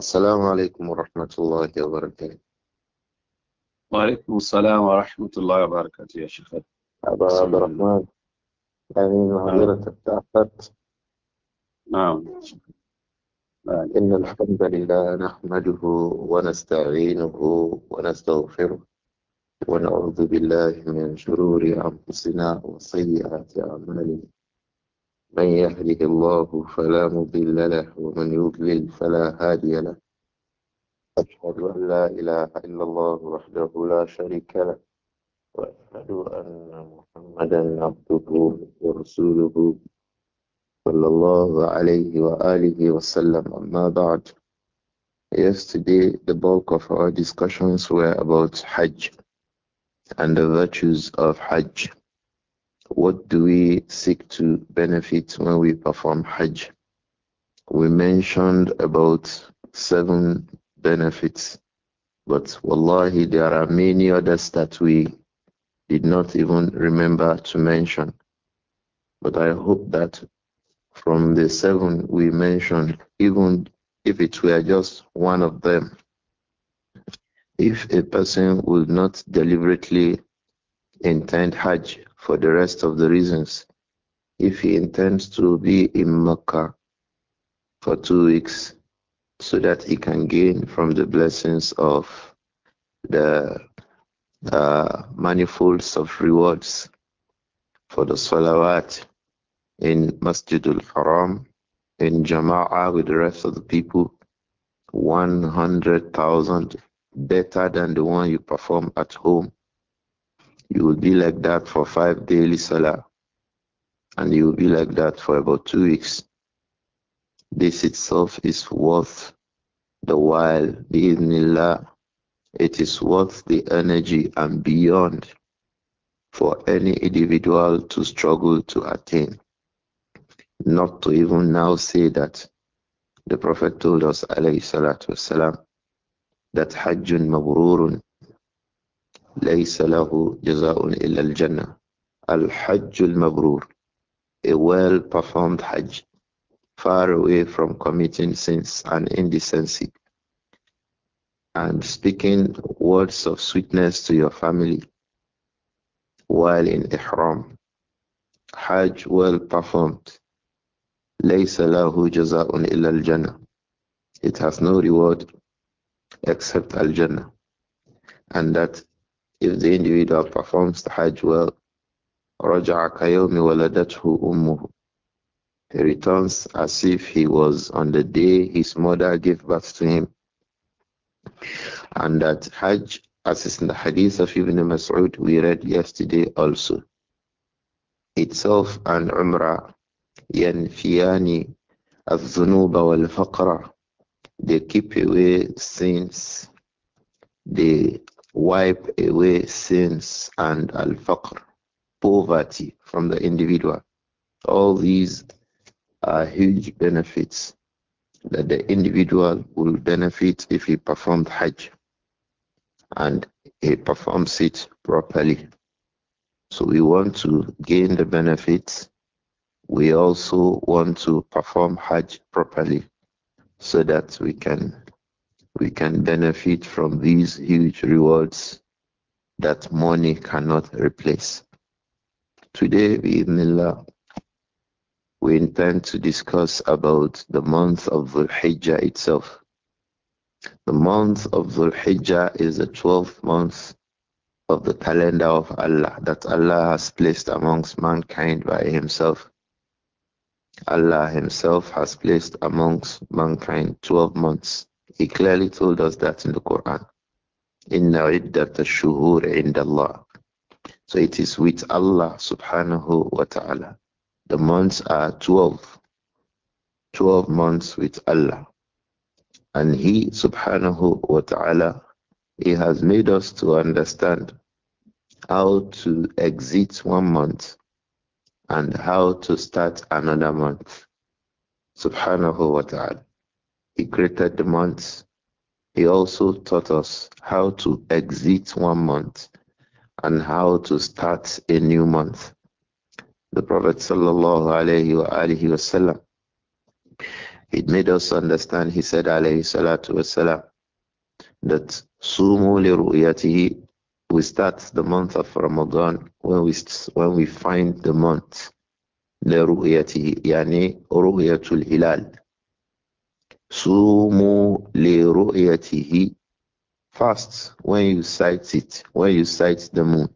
السلام عليكم ورحمة الله وبركاته وعليكم السلام ورحمة الله وبركاته يا شيخ أبا عبد الرحمن آمين وحضرتك نعم. تأخرت نعم إن الحمد لله نحمده ونستعينه ونستغفره ونعوذ بالله من شرور أنفسنا وسيئات أعمالنا من يهده الله فلا مضل له ومن يضلل فلا هادي له أشهد أن لا إله إلا الله وحده لا شريك له وأشهد أن محمدا عبده ورسوله صلى الله عليه وآله وسلم أما بعد Yesterday, the bulk of our discussions were about Hajj and the virtues of Hajj. What do we seek to benefit when we perform Hajj? We mentioned about seven benefits, but wallahi, there are many others that we did not even remember to mention. But I hope that from the seven we mentioned, even if it were just one of them, if a person would not deliberately intend Hajj, for the rest of the reasons. If he intends to be in Mecca for two weeks, so that he can gain from the blessings of the uh, manifolds of rewards for the salawat in Masjidul Haram, in Jama'ah with the rest of the people, 100,000 better than the one you perform at home you will be like that for five daily salah, and you will be like that for about two weeks. This itself is worth the while, bi'idhnillah. It is worth the energy and beyond for any individual to struggle to attain. Not to even now say that the Prophet told us, alayhi salatu wasalam, that hajjun mabrurun ليس له جزاء إلا الجنة الحج المبرور a well performed Hajj far away from committing sins and indecency and speaking words of sweetness to your family while in Ihram Hajj well performed ليس له جزاء إلا الجنة it has no reward except Al-Jannah and that if the individual performs the Hajj well, رَجَعَ كَيَوْمِ وَلَدَتْهُ أُمُّهُ He returns as if he was on the day his mother gave birth to him. And that Hajj, as is in the hadith of Ibn Mas'ud we read yesterday also, itself and Umrah ينفيان الذنوب والفقر they keep away sins they wipe away sins and al faqr, poverty from the individual. All these are huge benefits that the individual will benefit if he performed Hajj and he performs it properly. So we want to gain the benefits. We also want to perform Hajj properly so that we can we can benefit from these huge rewards that money cannot replace. Today, bi'idhnillah, we intend to discuss about the month of the Hijjah itself. The month of the Hijjah is the 12th month of the calendar of Allah that Allah has placed amongst mankind by Himself. Allah Himself has placed amongst mankind 12 months. He clearly told us that in the Quran. Inna iddata shuhur indallah. So it is with Allah subhanahu wa ta'ala. The months are 12. 12 months with Allah. And He subhanahu wa ta'ala, He has made us to understand how to exit one month and how to start another month. Subhanahu wa ta'ala. He created the months. He also taught us how to exit one month and how to start a new month. The Prophet sallallahu it made us understand. He said alayhi salatu wasalam that sumu liruyatihi. We start the month of Ramadan when we when we find the month liruyatihi yani ruyatul hilal Sumu li Fast when you sight it, when you sight the moon.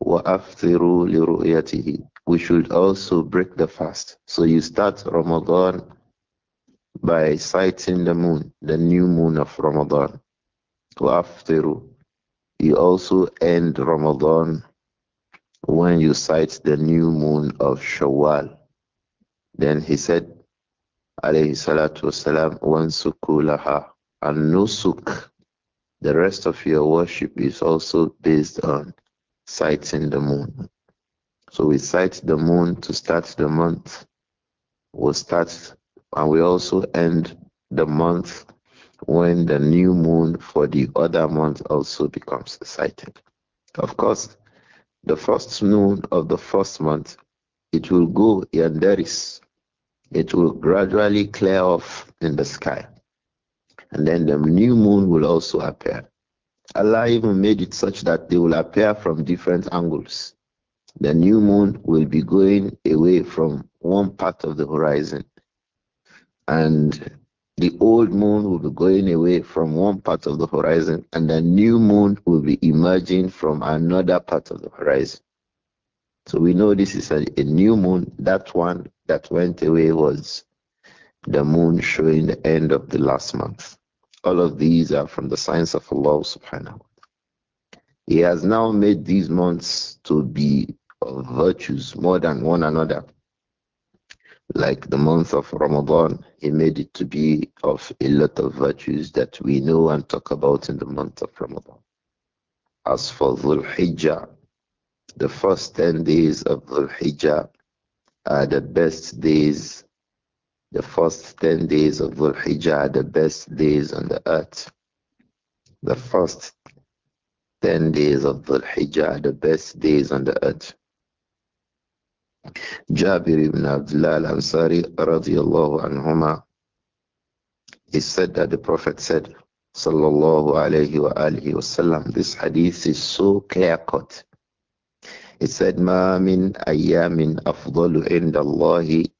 Wa aftiru li We should also break the fast. So you start Ramadan by sighting the moon, the new moon of Ramadan. Wa aftiru. You also end Ramadan when you sight the new moon of Shawwal. Then he said, alayhi salatu wasalam, wansukulaha. And nusuk, the rest of your worship is also based on sighting the moon. So we sight the moon to start the month. We'll start and we also end the month when the new moon for the other month also becomes sighted. Of course, the first moon of the first month, it will go yanderis it will gradually clear off in the sky. And then the new moon will also appear. Allah even made it such that they will appear from different angles. The new moon will be going away from one part of the horizon, and the old moon will be going away from one part of the horizon, and the new moon will be emerging from another part of the horizon. So we know this is a, a new moon. That one that went away was the moon showing the end of the last month. All of these are from the signs of Allah subhanahu He has now made these months to be of virtues more than one another. Like the month of Ramadan, he made it to be of a lot of virtues that we know and talk about in the month of Ramadan. As for Dhul Hijjah, the first 10 days of Dhul Hijjah are the best days. The first 10 days of Dhul Hijjah are the best days on the earth. The first 10 days of Dhul Hijjah are the best days on the earth. Jabir ibn Abdullah al-Ansari radiyallahu anhuma he said that the Prophet said sallallahu alayhi wa alihi wasallam this hadith is so clear cut he said, Ma min ayamin afdalu indallahi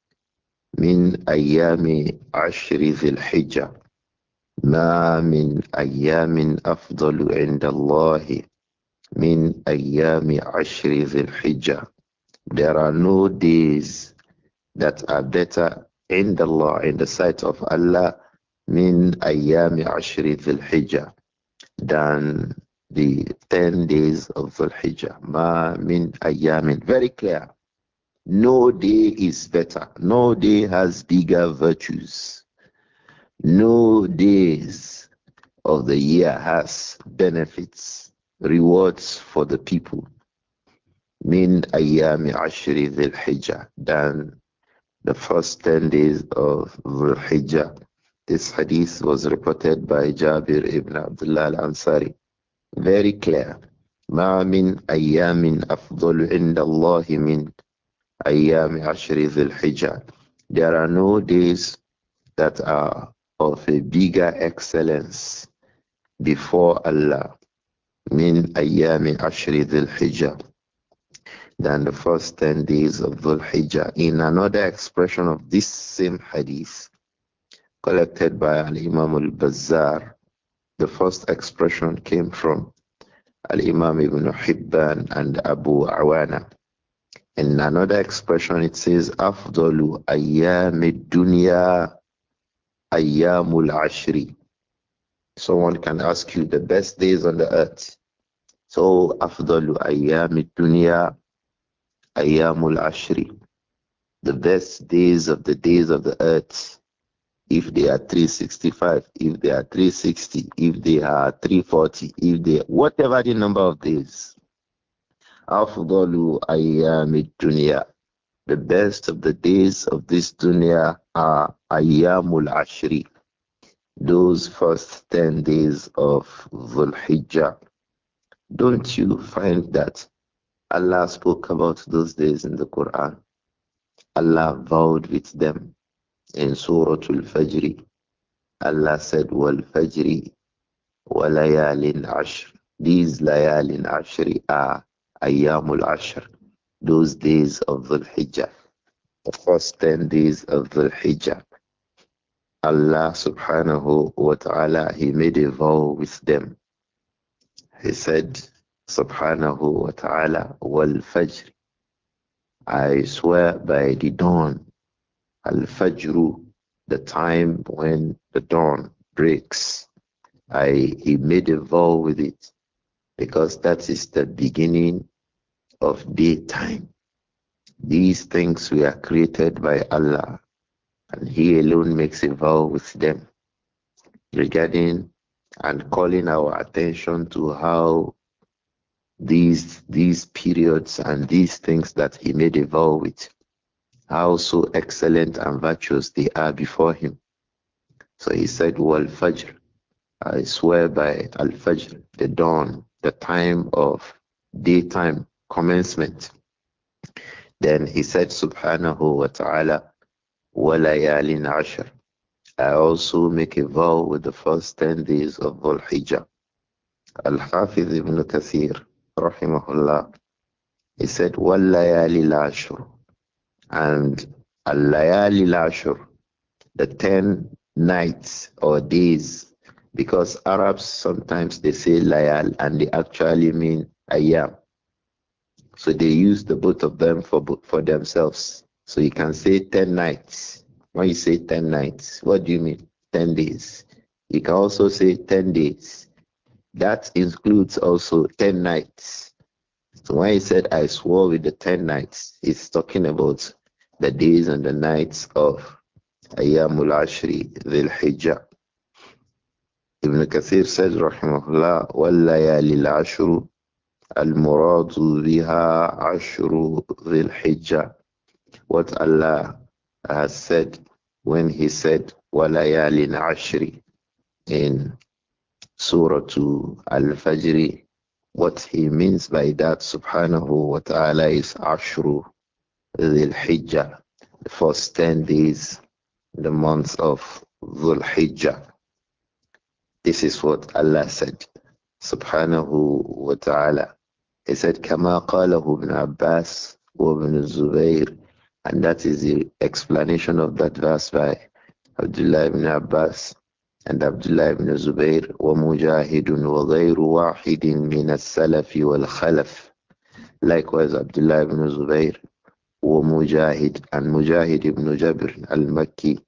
min ayami ashri dhil hijjah. ما من أيام أفضل عند الله من أيام عشر ذي الحجة There are no days that are better in the law, in the sight of Allah, min ayami ashri dhil hijjah, than the 10 days of Dhul Hijjah. Ma min ayyamin. Very clear. No day is better. No day has bigger virtues. No days of the year has benefits, rewards for the people. Min ayami ashri dhul hijjah than the first 10 days of dhul hijjah. This hadith was reported by Jabir ibn Abdullah al-Ansari. Very clear. ما من أيام أفضل عند الله من أيام عشر ذي الحجة. There are no days that are of a bigger excellence before Allah min ayami ashri dhul hijjah than the first 10 days of dhul hijjah in another expression of this same hadith collected by al imam al Bazar, the first expression came from Al-Imam ibn Hibban and Abu Awana. In another expression, it says, Afdalu ayyamid dunya ayyamul ashri. Someone can ask you the best days on the earth. So, Afdalu ayyamid dunya ayyamul ashri. The best days of the days of the earth if they are 365, if they are 360, if they are 340, if they whatever the number of days. Afdalu ayyamid dunya. The best of the days of this dunya are ayyamul ashri. Those first 10 days of Dhul Hijjah. Don't you find that Allah spoke about those days in the Quran? Allah vowed with them. in Surah Al-Fajr, Allah said, Wal Fajri, Wa Layalin Ashr. These Layalin Ashri are Ayyamul Ashr, those days of the Hijjah, the first 10 days of the Hijjah. Allah subhanahu wa ta'ala, He made a vow with them. He said, subhanahu wa ta'ala, Wal Fajr. I swear by the dawn, Al-Fajr, the time when the dawn breaks. I, he made a vow with it because that is the beginning of daytime. These things were created by Allah, and He alone makes a vow with them regarding and calling our attention to how these these periods and these things that He made a vow with how so excellent and virtuous they are before him. So he said, Wal Fajr, I swear by Al Fajr, the dawn, the time of daytime commencement. Then he said, Subhanahu wa ta'ala, Walayalin Ashar. I also make a vow with the first 10 days of Dhul Hijjah. Al Hafiz ibn Kathir, Rahimahullah, he said, Walayalil Ashar and Al-Layali Lashur, the 10 nights or days, because Arabs sometimes they say Layal and they actually mean Ayam. So they use the both of them for for themselves. So you can say 10 nights. When you say 10 nights, what do you mean? 10 days. You can also say 10 days. That includes also 10 nights. So when he said, I swore with the 10 nights, he's talking about the days and the nights of Ayyamul Ashri, Dhil Hijjah. Ibn Kathir said, Rahimahullah, وَاللَّيَالِ الْعَشْرُ الْمُرَادُ بِهَا عَشْرُ ذِي الْحِجَّةِ What Allah has said when He said, وَلَيَالِ الْعَشْرِ in Surah Al-Fajr, what He means by that, subhanahu wa ta'ala, is عَشْرُ Dhul Hijjah, the first 10 days, the month of Dhul Hijjah. This is what Allah said, subhanahu wa ta'ala. He said, qalahu Ibn Abbas wa Ibn الزبير and that is the explanation of that verse by Abdullah ibn Abbas and Abdullah ibn Zubair وَمُجَاهِدٌ وَغَيْرُ وَاحِدٍ مِنَ السَّلَفِ وَالْخَلَفِ Likewise, Abdullah ibn Zubair ومجاهد عن مجاهد بن جبر المكي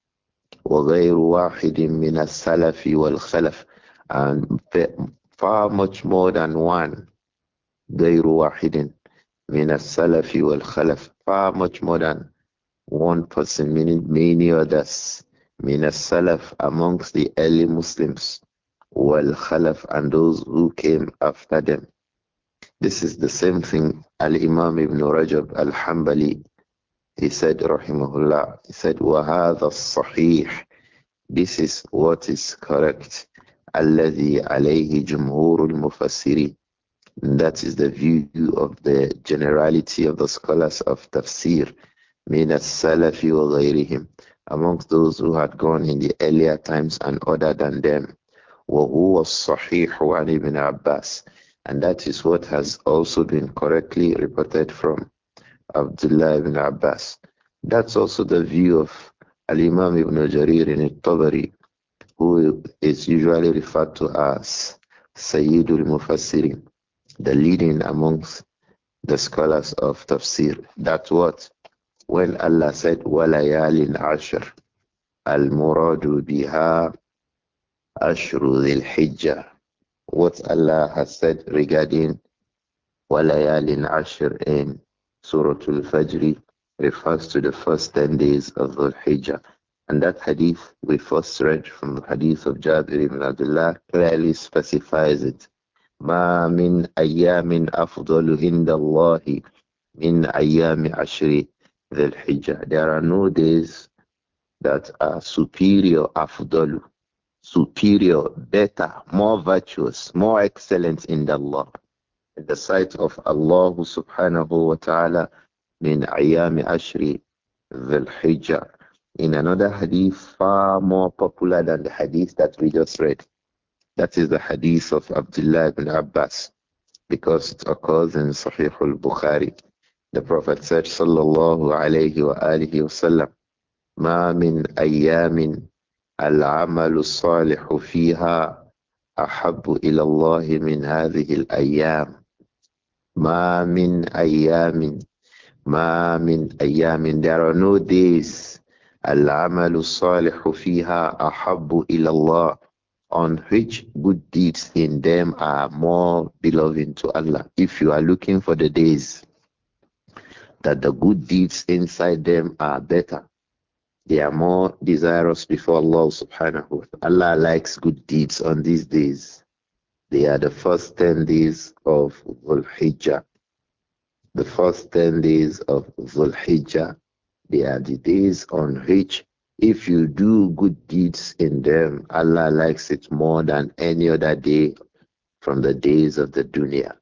وغير واحد من السلف والخلف and far much more than one غير واحد من السلف والخلف far much more than one person meaning many others من السلف amongst the early Muslims والخلف and those who came after them this is the same thing Al-Imam ibn Rajab al-Hambali, he said, rahimahullah, he said, وَهَذَا الصَّحِيحِ This is what is correct. الَّذِي عَلَيْهِ جُمْهُورُ الْمُفَسِّرِينَ That is the view of the generality of the scholars of tafsir, مِنَ السَّلَفِ وَغَيْرِهِمْ Amongst those who had gone in the earlier times and other than them. وَهُوَ الصَّحِيحُ عَنْ ابْنِ عَبَّاسِ and that is what has also been correctly reported from Abdullah ibn Abbas. That's also the view of Al Imam ibn Jarir in Tabari, who is usually referred to as Sayyidul Mufassirin, the leading amongst the scholars of tafsir. That what? When Allah said, ashar al-muradu biha ashru ذي Hijjah what Allah has said regarding Walayalin Ashir in Suratul Fajr refers to the first 10 days of the Hijjah. And that hadith we first read from the hadith of Jabir ibn Abdullah clearly specifies it. ما من أيام أفضل عند الله من أيام عشر ذي الحجة. There are no days that are superior أفضل superior, better, more virtuous, more excellent in the law, in the sight of Allah subhanahu wa ta'ala min ayami ashri dhul hijjah. In another hadith far more popular than the hadith that we just read. That is the hadith of Abdullah ibn Abbas because it occurs in Sahih al-Bukhari. The Prophet said, sallallahu alayhi wa alihi wa sallam, ma min ayyamin العمل الصالح فيها أحب إلى الله من هذه الأيام ما من أيام ما من أيام there are no days العمل الصالح فيها أحب إلى الله on which good deeds in them are more beloved to Allah if you are looking for the days that the good deeds inside them are better they are more desirous before Allah subhanahu wa ta'ala. Allah likes good deeds on these days. They are the first 10 days of Dhul Hijjah. The first 10 days of Dhul Hijjah, they are the days on which if you do good deeds in them, Allah likes it more than any other day from the days of the dunya.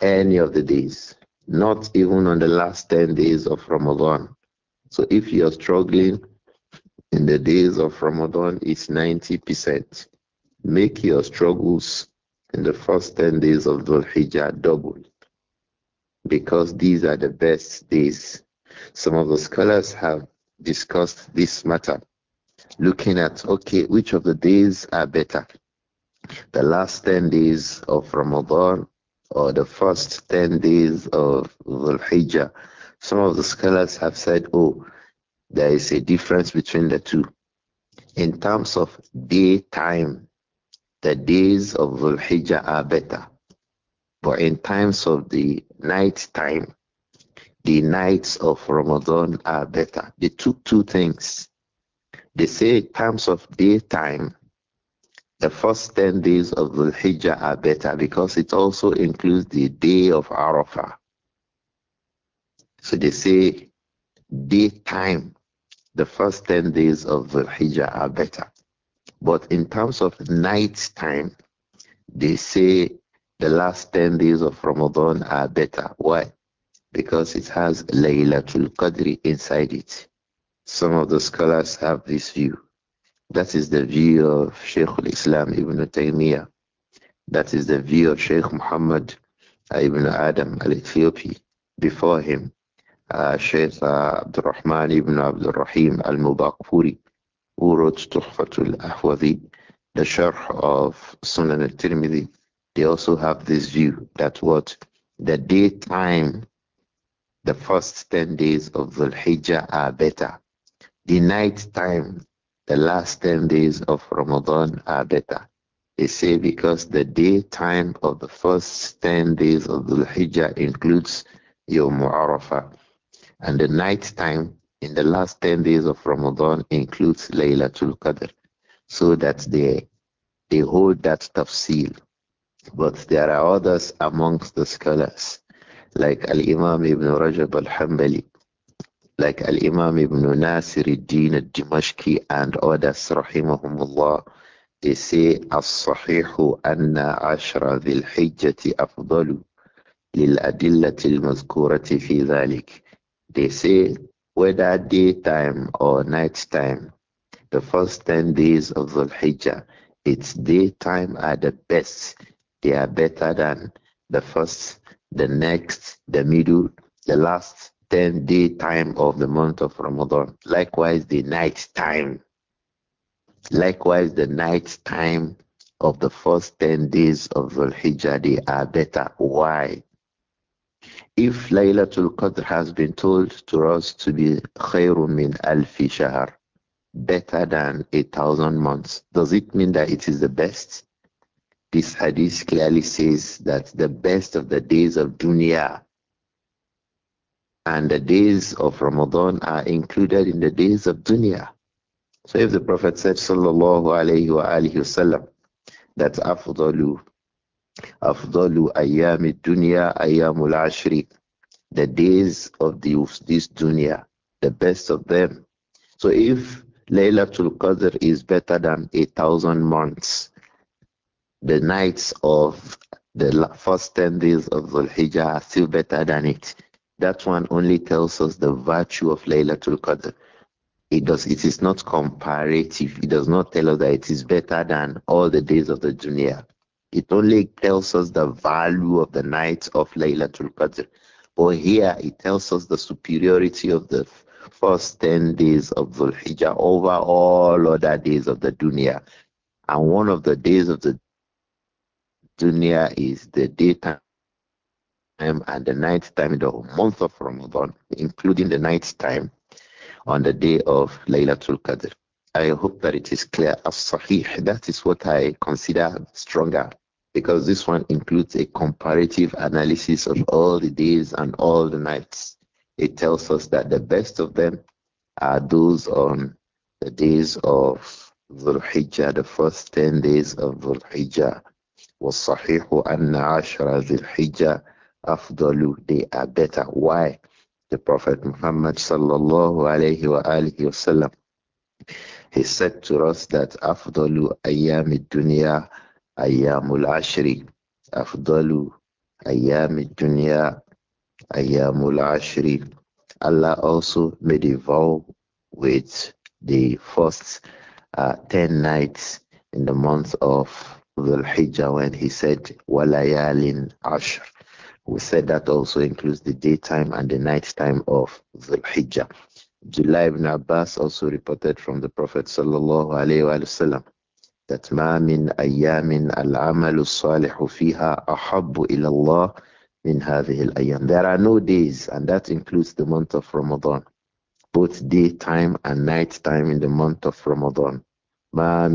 Any of the days, not even on the last 10 days of Ramadan. So if you are struggling in the days of Ramadan, it's 90%. Make your struggles in the first 10 days of Dhul Hijjah double because these are the best days. Some of the scholars have discussed this matter, looking at okay, which of the days are better? The last 10 days of Ramadan or the first 10 days of Dhul Hijjah? Some of the scholars have said, oh, there is a difference between the two. In terms of daytime, the days of Dhul Hijjah are better. But in times of the night time, the nights of Ramadan are better. They took two things. They say in terms of daytime, the first 10 days of Dhul Hijjah are better because it also includes the day of Arafah. So they say daytime, the first 10 days of the Hijjah are better. But in terms of night time, they say the last 10 days of Ramadan are better. Why? Because it has Laylatul Qadri inside it. Some of the scholars have this view. That is the view of sheik al-Islam Ibn Taymiyyah. That is the view of Sheikh Muhammad Ibn Adam al-Ethiopi before him uh, Sheikh uh, Rahman ibn Abdul al who wrote Tuhfatul the Sharh of Sunan al Tirmidhi, they also have this view that what the daytime, the first 10 days of the Hijjah are better. The night time, the last 10 days of Ramadan are better. They say because the daytime of the first 10 days of the Hijjah includes your Arafah and the night time in the last 10 days of Ramadan includes Laylatul Qadr, so that they, they hold that tafsir. But there are others amongst the scholars, like Al Imam ibn Rajab al Hanbali, like Al Imam ibn Nasir al-Din al-Dimashqi and others, rahimahumullah, they say Ashra أن عشر ذي lil أفضل al المذكورة Fi ذلك they say whether daytime or nighttime, the first 10 days of the Hijjah, its daytime are the best. They are better than the first, the next, the middle, the last 10 day time of the month of Ramadan. Likewise, the night time. Likewise, the night time of the first 10 days of Dhul Hijjah, they are better. Why? If Laylatul Qadr has been told to us to be khayrun min alfi shahr, better than a thousand months, does it mean that it is the best? This hadith clearly says that the best of the days of dunya and the days of Ramadan are included in the days of dunya. So if the Prophet said, sallallahu alayhi wa alayhi wasallam, that afdalu أفضل أيام الدنيا أيام العشر The days of the, this dunya, the best of them. So if Laylatul Qadr is better than a thousand months, the nights of the first 10 days of Dhul Hijjah are still better than it. That one only tells us the virtue of Laylatul Qadr. It does. It is not comparative. It does not tell us that it is better than all the days of the dunya. It only tells us the value of the night of Laylatul Qadr. But here it tells us the superiority of the first 10 days of Dhul Hijjah over all other days of the dunya. And one of the days of the dunya is the daytime and the night time, the month of Ramadan, including the night time on the day of Laylatul Qadr. I hope that it is clear as Sahih. That is what I consider stronger because this one includes a comparative analysis of all the days and all the nights. It tells us that the best of them are those on the days of Dhul Hijjah, the first 10 days of Dhul Hijjah. وَالصَّحِيحُ أَنَّ عَشْرَ ذِي الْحِجَّةِ أَفْضَلُ They are better. Why? The Prophet Muhammad sallallahu alayhi wa alihi wa he said to us that Afdalu Ayami Dunya Ayamul Ashri. Afdalu Ayami Dunya Ayamul Ashri. Allah also made a vow with the first uh, 10 nights in the month of Dhul Hijjah when he said Walayalin Ashr. We said that also includes the daytime and the nighttime of Dhul Hijjah. Abdullah ibn Abbas also reported from the Prophet sallallahu alaihi wasallam that ma min al salihu fiha ahabbu ila Allah min hadhihi al There are no days, and that includes the month of Ramadan, both daytime and nighttime in the month of Ramadan. There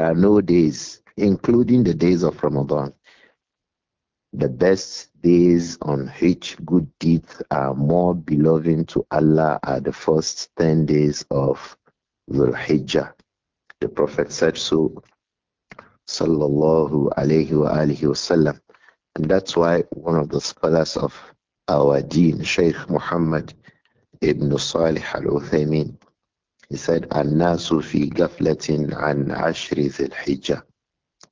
are no days, including the days of Ramadan, the best days on which good deeds are more beloved to Allah are the first 10 days of Dhul Hijjah. The Prophet said so, sallallahu alayhi wa wasallam. And that's why one of the scholars of our deen, Shaykh Muhammad ibn Salih al Uthaymeen, he said, Nasu fi gaflatin an ashri dhul hijjah.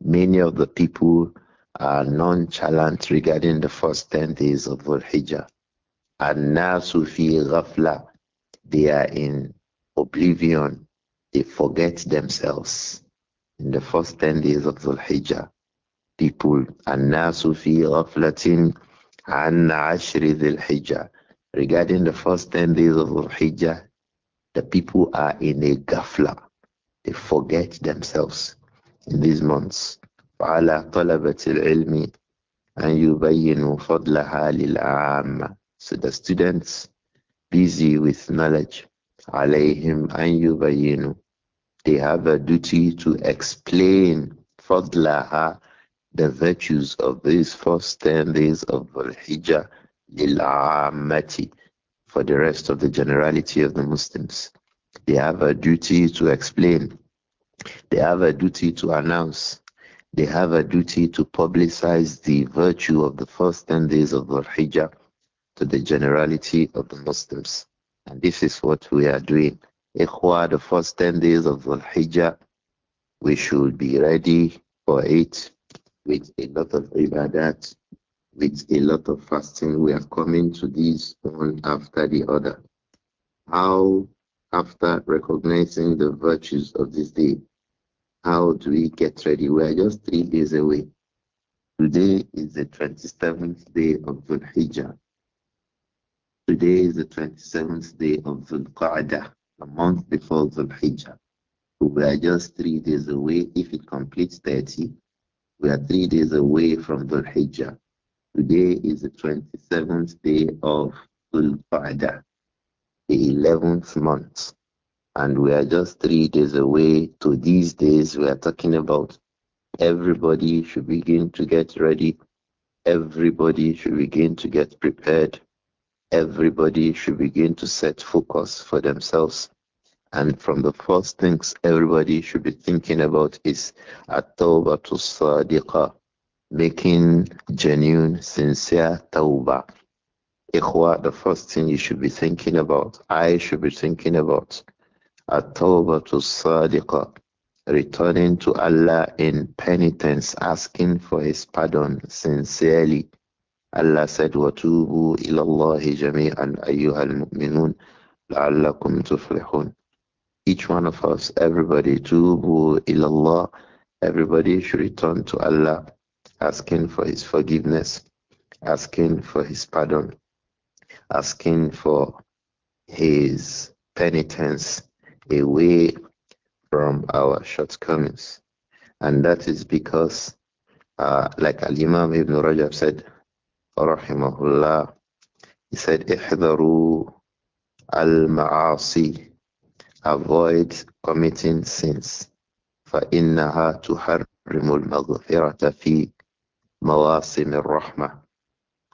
Many of the people are nonchalant regarding the first 10 days of Dhul Hijjah. And now, Sufi ghafla, they are in oblivion, they forget themselves. In the first 10 days of Dhul Hijjah, people, and now Sufi ghaflatin and ashri Dhul Hijjah. Regarding the first 10 days of Dhul Hijjah, the people are in a ghafla. They forget themselves in these months. على طلبة العلم أن يبينوا فضلها للعامة so the students busy with knowledge عليهم أن يبينوا they have a duty to explain فضلها the virtues of these first 10 days of Al-Hijjah للعامة for the rest of the generality of the Muslims. They have a duty to explain. They have a duty to announce. They have a duty to publicize the virtue of the first 10 days of Dhul Hijjah to the generality of the Muslims. And this is what we are doing. Ikhwa, the first 10 days of Dhul Hijjah, we should be ready for it with a lot of ibadat, with a lot of fasting. We are coming to these one after the other. How, after recognizing the virtues of this day, how do we get ready? We are just three days away. Today is the 27th day of Dhul Hijjah. Today is the 27th day of Dhul Qa'dah, a month before Dhul Hijjah. So we are just three days away. If it completes 30, we are three days away from Dhul Hijjah. Today is the 27th day of Dhul Qa'dah, the 11th month and we are just three days away to these days we are talking about everybody should begin to get ready everybody should begin to get prepared everybody should begin to set focus for themselves and from the first things everybody should be thinking about is at to sadiqa making genuine sincere tawbah Ikhwa, the first thing you should be thinking about, I should be thinking about, at to sadiqa, returning to Allah in penitence, asking for His pardon sincerely. Allah said, وَتُوبُوا إِلَى اللَّهِ جَمِيعًا أَيُّهَا الْمُؤْمِنُونَ لَعَلَّكُمْ تُفْلِحُونَ Each one of us, everybody, تُوبُوا إِلَى Everybody should return to Allah, asking for His forgiveness, asking for His pardon, asking for His penitence, away from our shortcomings. And that is because, uh, like Al Imam Ibn Rajab said, Rahimahullah, he said, Ihdaru al ma'asi, avoid committing sins. فإنها تحرم المغفرة في مواسم الرحمة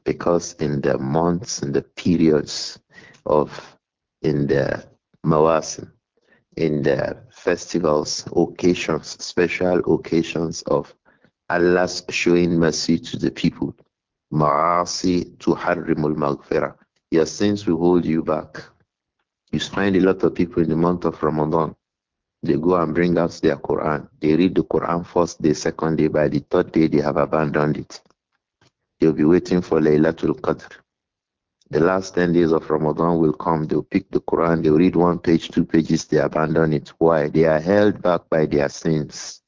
because in the months and the periods of in the mawasim in the festivals, occasions, special occasions of Allah's showing mercy to the people. Ma'asi Harimul maghfirah. Your sins will hold you back. You find a lot of people in the month of Ramadan. They go and bring out their Quran. They read the Quran first day, second day. By the third day, they have abandoned it. They'll be waiting for Laylatul Qadr the last 10 days of Ramadan will come, they'll pick the Quran, they'll read one page, two pages, they abandon it. Why? They are held back by their sins.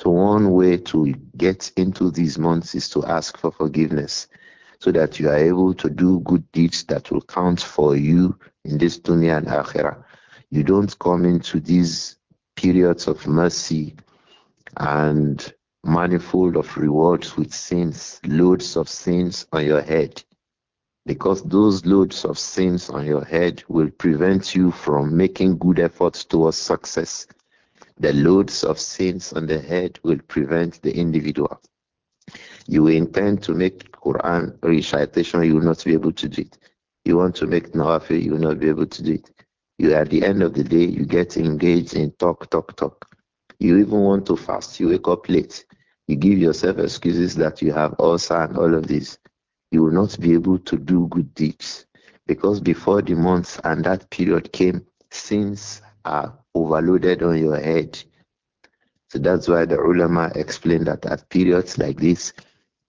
So, one way to get into these months is to ask for forgiveness so that you are able to do good deeds that will count for you in this dunya and akhirah. You don't come into these periods of mercy and manifold of rewards with sins, loads of sins on your head because those loads of sins on your head will prevent you from making good efforts towards success. The loads of sins on the head will prevent the individual. You intend to make Quran recitation, you will not be able to do it. You want to make Nawafi, you will not be able to do it. You at the end of the day, you get engaged in talk, talk, talk. You even want to fast, you wake up late. You give yourself excuses that you have ulcer and all of this you will not be able to do good deeds because before the months and that period came, sins are overloaded on your head. So that's why the ulama explained that at periods like this,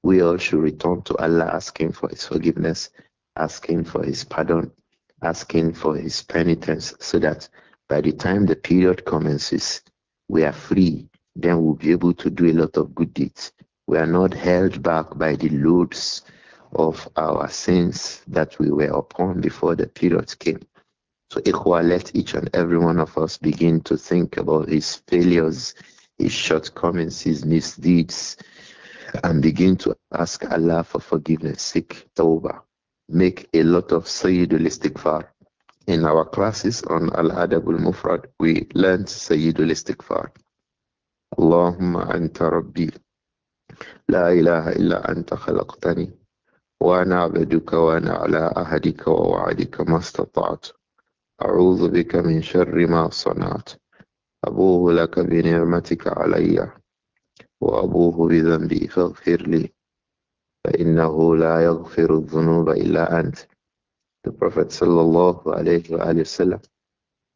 we all should return to Allah, asking for His forgiveness, asking for His pardon, asking for His penitence, so that by the time the period commences, we are free. Then we'll be able to do a lot of good deeds. We are not held back by the loads of our sins that we were upon before the period came. So, Ikhwa, let each and every one of us begin to think about his failures, his shortcomings, his misdeeds, and begin to ask Allah for forgiveness. Seek tawbah. Make a lot of Sayyidul Istighfar. In our classes on Al Adabul Mufrad, we learned Sayyidul Istighfar. اللهم أنت ربي لا إله إلا أنت خلقتني وأنا عبدك وأنا على أهدك ووعدك ما استطعت أعوذ بك من شر ما صنعت أبوء لك بنعمتك علي وأبوء بذنبي فاغفر لي فإنه لا يغفر الذنوب إلا أنت The Prophet صلى الله عليه وآله وسلم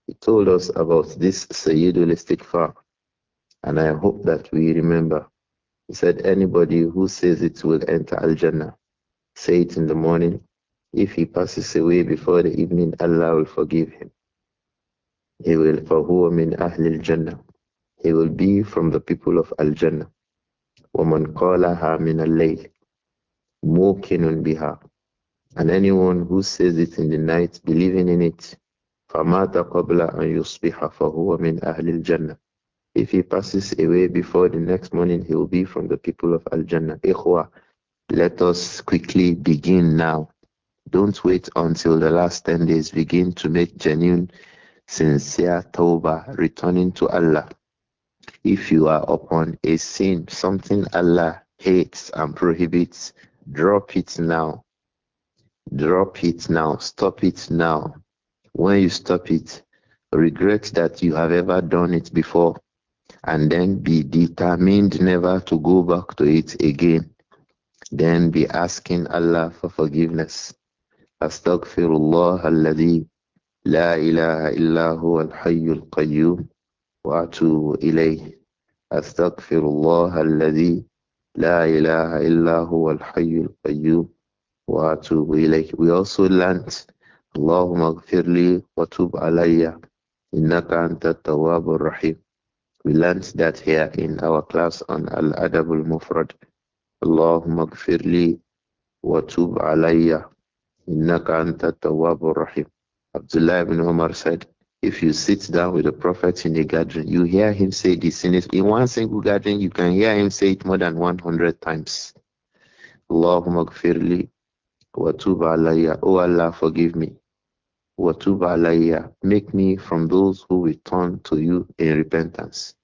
He told us about this Sayyid al and I hope that we remember He said anybody who says it will enter Al-Jannah say it in the morning. If he passes away before the evening, Allah will forgive him. He will فَهُوَ مِنْ أَهْلِ الْجَنَّةِ He will be from the people of Al-Jannah. وَمَنْ قَالَهَا مِنَ اللَّيْلِ مُوكِنٌ بِهَا And anyone who says it in the night, believing in it, فَمَاتَ قَبْلَ أَنْ يُصْبِحَ فَهُوَ مِنْ أَهْلِ الْجَنَّةِ If he passes away before the next morning, he will be from the people of Al-Jannah. إخوة let us quickly begin now. Don't wait until the last 10 days. Begin to make genuine, sincere tawbah, returning to Allah. If you are upon a sin, something Allah hates and prohibits, drop it now. Drop it now. Stop it now. When you stop it, regret that you have ever done it before and then be determined never to go back to it again. Then be asking Allah for forgiveness. Astaghfirullah alladhi la ilaha illahu huwa al-hayyu al-qayyum wa atubu ilayh. Astaghfirullah alladhi la ilaha illahu huwa al-hayyu al-qayyum wa atubu ilayh. We also learned Allahumma gfirli wa tub alayya innaka anta tawwabur rahim. We learned that here in our class on al adabul mufrad اللهم اغفر لي alayya. علي إنك أنت التواب الرحيم Abdullah ibn Umar said if you sit down with the prophet in a gathering you hear him say this in, in one single gathering you can hear him say it more than 100 times اللهم اغفر لي وتب علي oh Allah forgive me وتب علي make me from those who return to you in repentance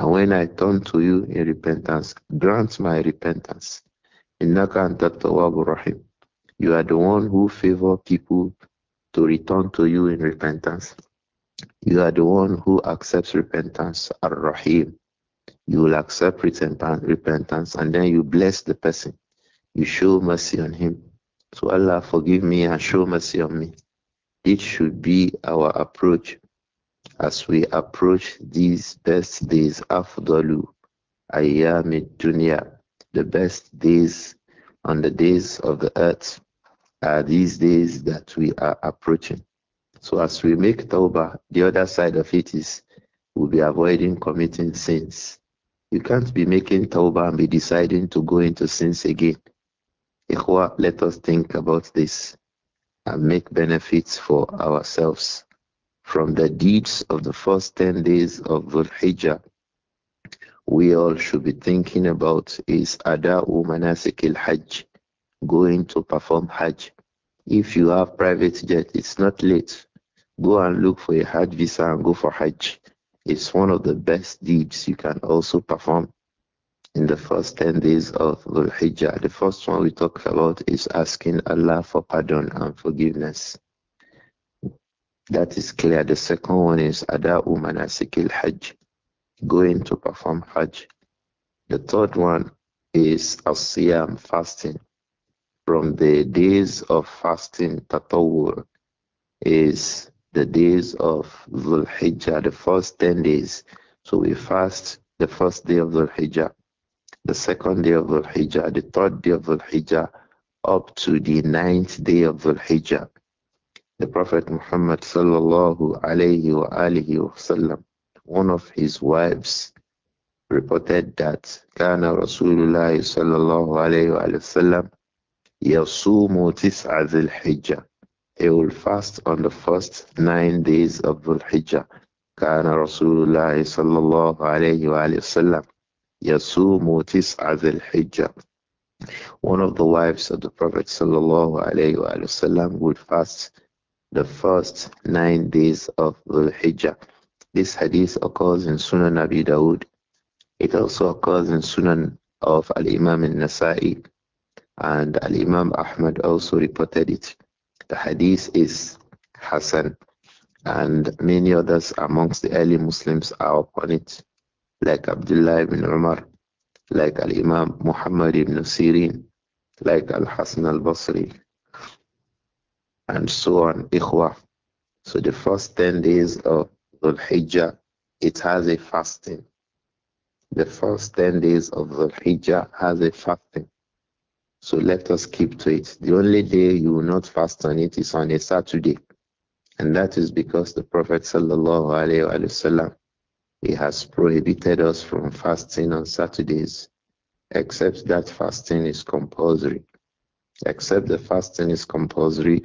and when I turn to you in repentance, grant my repentance. Innaka anta tawwabur You are the one who favor people to return to you in repentance. You are the one who accepts repentance, Ar-Rahim. You will accept repentance and then you bless the person. You show mercy on him. So Allah forgive me and show mercy on me. It should be our approach as we approach these best days, Afdalu, Ayyam Dunya, the best days on the days of the earth are these days that we are approaching. So as we make tawbah, the other side of it is we'll be avoiding committing sins. You can't be making tawbah and be deciding to go into sins again. Ikhwa, let us think about this and make benefits for ourselves from the deeds of the first 10 days of Dhul Hijjah we all should be thinking about is Ada'u Manasik al Hajj, going to perform Hajj. If you have private jet, it's not late. Go and look for a Hajj visa and go for Hajj. It's one of the best deeds you can also perform in the first 10 days of Dhul Hijjah. The first one we talk about is asking Allah for pardon and forgiveness. That is clear. The second one is Ada'u asikil Hajj, going to perform Hajj. The third one is Asiyam, fasting. From the days of fasting, Tatawur is the days of Dhul Hijjah, the first 10 days. So we fast the first day of Dhul Hijjah, the second day of Dhul Hijjah, the third day of Dhul Hijjah, up to the ninth day of Dhul Hijjah. The Prophet Muhammad sallallahu alayhi wa alihi wasallam, one of his wives, reported that كان رسول الله صلى الله عليه وآله وسلم يصوم تسعة ذي الحجة He will fast on the first nine days of Dhul Hijjah. كان رسول الله صلى الله عليه mutis وسلم يصوم تسعة ذي الحجة One of the wives of the Prophet صلى الله عليه وسلم would fast the first nine days of Dhul Hijjah. This hadith occurs in Sunan Abi Dawud. It also occurs in Sunan of Al Imam al Nasa'i, and Al Imam Ahmad also reported it. The hadith is Hassan, and many others amongst the early Muslims are upon it, like Abdullah ibn Umar, like Al Imam Muhammad ibn Sirin, like Al Hasan al Basri, and so on. Ikhwa. So the first 10 days of Dhul Hijjah, it has a fasting. The first 10 days of Dhul Hijjah has a fasting. So let us keep to it. The only day you will not fast on it is on a Saturday. And that is because the Prophet wasallam he has prohibited us from fasting on Saturdays, except that fasting is compulsory. Except the fasting is compulsory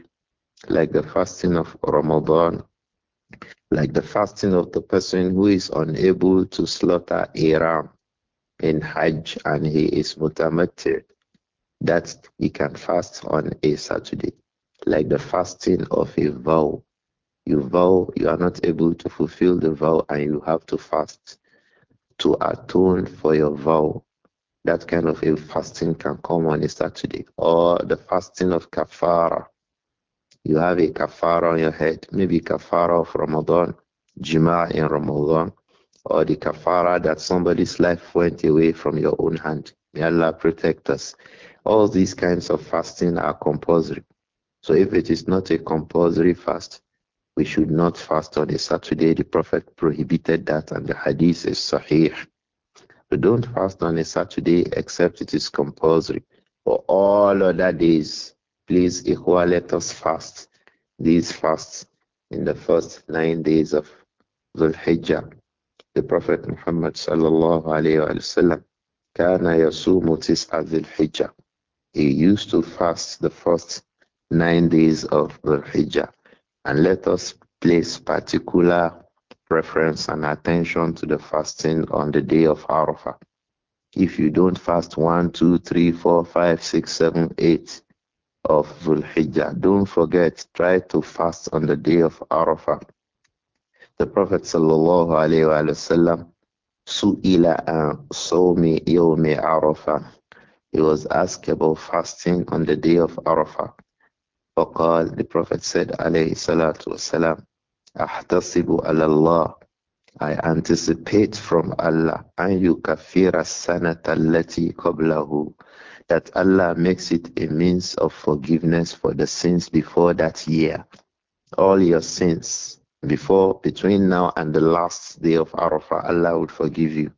like the fasting of Ramadan, like the fasting of the person who is unable to slaughter a ram in Hajj and he is mutamatir, that he can fast on a Saturday, like the fasting of a vow. You vow, you are not able to fulfill the vow and you have to fast to atone for your vow. That kind of a fasting can come on a Saturday, or the fasting of kafara you have a kafara on your head, maybe kafara of Ramadan, Jima in Ramadan, or the kafara that somebody's life went away from your own hand. May Allah protect us. All these kinds of fasting are compulsory. So if it is not a compulsory fast, we should not fast on a Saturday. The Prophet prohibited that, and the hadith is sahih. We don't fast on a Saturday except it is compulsory. For all other days, Please, Ikhwa, let us fast these fasts in the first nine days of Dhul Hijjah. The Prophet Muhammad sallallahu alayhi wa sallam كان يصوم تسعة ذي الحجة. He used to fast the first nine days of Dhul Hijjah. And let us place particular preference and attention to the fasting on the day of Arafah. If you don't fast one, two, three, four, five, six, seven, eight, of Dhul Don't forget, try to fast on the day of Arafah. The Prophet sallallahu alaihi wasallam su'ila an sawmi yawmi Arafah. He was asked about fasting on the day of Arafah. فقال, the Prophet said عليه الصلاة والسلام أحتسب على الله I anticipate from Allah أن يكفر السنة التي قبله that Allah makes it a means of forgiveness for the sins before that year. All your sins before, between now and the last day of Arafah, Allah would forgive you.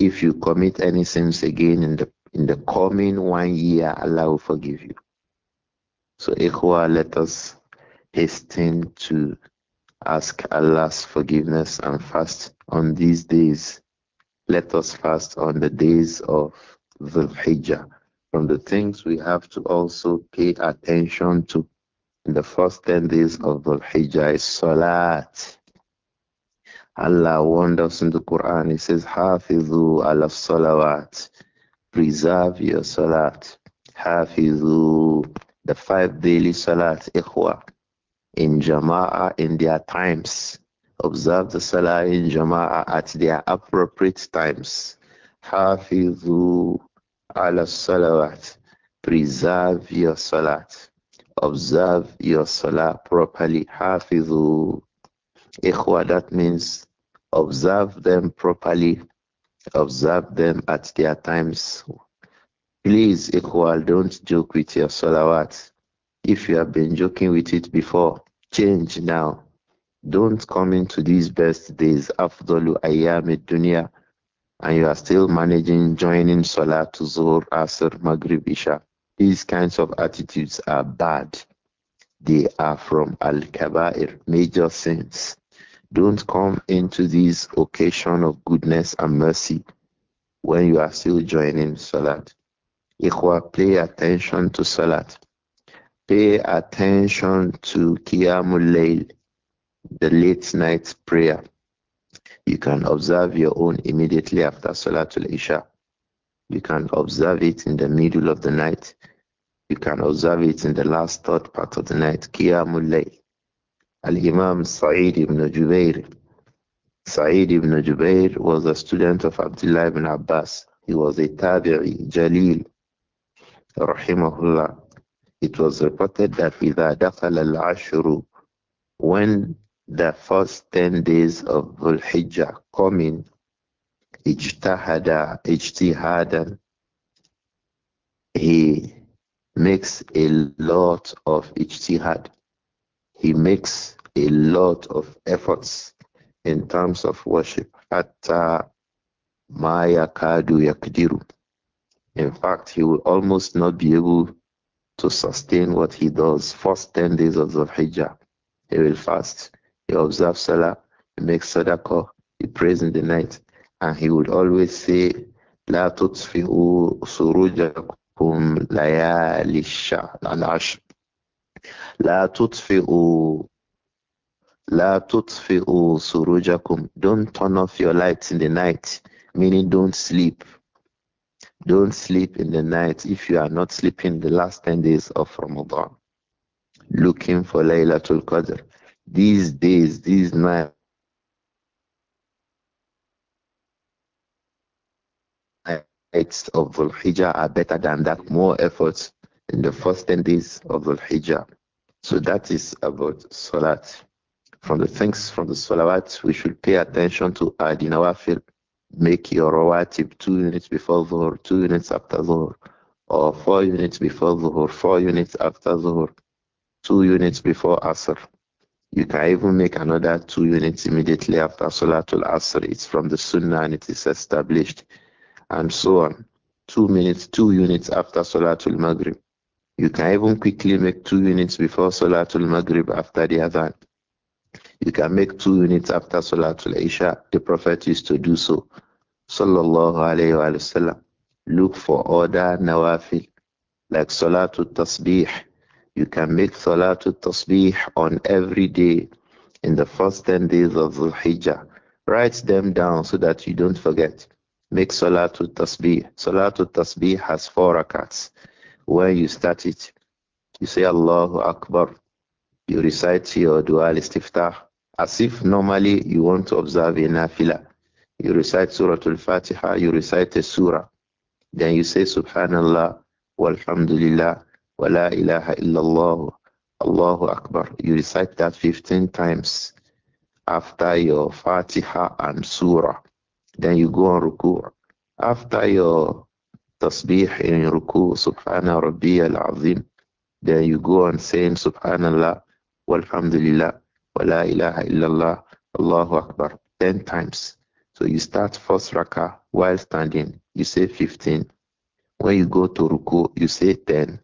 If you commit any sins again in the in the coming one year, Allah will forgive you. So, Ikhwa, let us hasten to ask Allah's forgiveness and fast on these days let us fast on the days of the Hijjah. From the things we have to also pay attention to in the first 10 days of the Hijjah is Salat. Allah warned us in the Quran, He says, Hafizu ala salawat. Preserve your salat. Hafizu, the five daily salat, ikhwa, in jama'ah, in their times observe the Salah in Jama'ah at their appropriate times. Hafizu ala salawat. Preserve your salat. Observe your salah properly. Hafizu. Ikhwa, that means observe them properly. Observe them at their times. Please, Ikhwa, don't joke with your salawat. If you have been joking with it before, change now don't come into these best days, Afdalu Ayyam Dunya, and you are still managing joining Salah to Zuhr, Asr, Maghrib, Isha. These kinds of attitudes are bad. They are from Al Kaba'ir, major sins. Don't come into this occasion of goodness and mercy when you are still joining Salat. Ikhwa, pay attention to Salat. Pay attention to Qiyamul Layl the late night prayer. You can observe your own immediately after Salatul Isha. You can observe it in the middle of the night. You can observe it in the last third part of the night. Qiyamul Layl. Al-Imam Sa'id ibn Jubair. Sa'id ibn Jubair was a student of Abdullah ibn Abbas. He was a Tabi'i, Jalil, rahimahullah. It was reported that إِذَا دَخَلَ الْعَشْرُ When the first 10 days of Dhul Hijjah coming, ijtahada, ijtihadan, he makes a lot of ijtihad. He makes a lot of efforts in terms of worship. Hatta ma yakadu yakdiru. In fact, he will almost not be able to sustain what he does first 10 days of Dhul Hijjah. He will fast he observes Salah, he makes Sadaqah, he prays in the night, and he would always say, la تطفئوا سروجكم ليالي العشر La تطفئوا la تطفئوا surujakum. Don't turn off your lights in the night, meaning don't sleep. Don't sleep in the night if you are not sleeping the last 10 days of Ramadan. Looking for Laylatul Qadr these days, these nights, nights of Dhul Hijjah are better than that, more efforts in the first 10 days of Dhul Hijjah. So that is about Salat. From the things from the Salawat, we should pay attention to Adinawafil. Make your Rawatib two units before Dhuhr, two units after Dhuhr, or four units before Dhuhr, four units after Dhuhr, two units before Asr. You can even make another two units immediately after Salatul Asr. It's from the Sunnah and it is established. And so on. Two minutes, two units after Salatul Maghrib. You can even quickly make two units before Salatul Maghrib after the Adhan. You can make two units after Salatul Isha. The Prophet used to do so. Sallallahu Alaihi Wasallam. Look for order, nawafil like Salatul Tasbih you can make Salatul Tasbih on every day in the first 10 days of the Hijjah. Write them down so that you don't forget. Make Salatul Tasbih. Salatul Tasbih has four rakats. When you start it, you say Allahu Akbar. You recite your dua al-istiftah as if normally you want to observe a nafila. You recite Surah Al-Fatiha, you recite a surah. Then you say Subhanallah, Walhamdulillah, وَلَا إِلَهَ إِلَّا اللَّهُ Allahu Akbar. You recite that 15 times after your Fatiha and Surah. Then you go on Ruku. After your Tasbih in Ruku, Subhana Rabbi al Azim, then you go on saying Subhanallah, Walhamdulillah, Wala ilaha illallah, Allahu Akbar, 10 times. So you start first raka while standing, you say 15. When you go to Ruku, you say 10.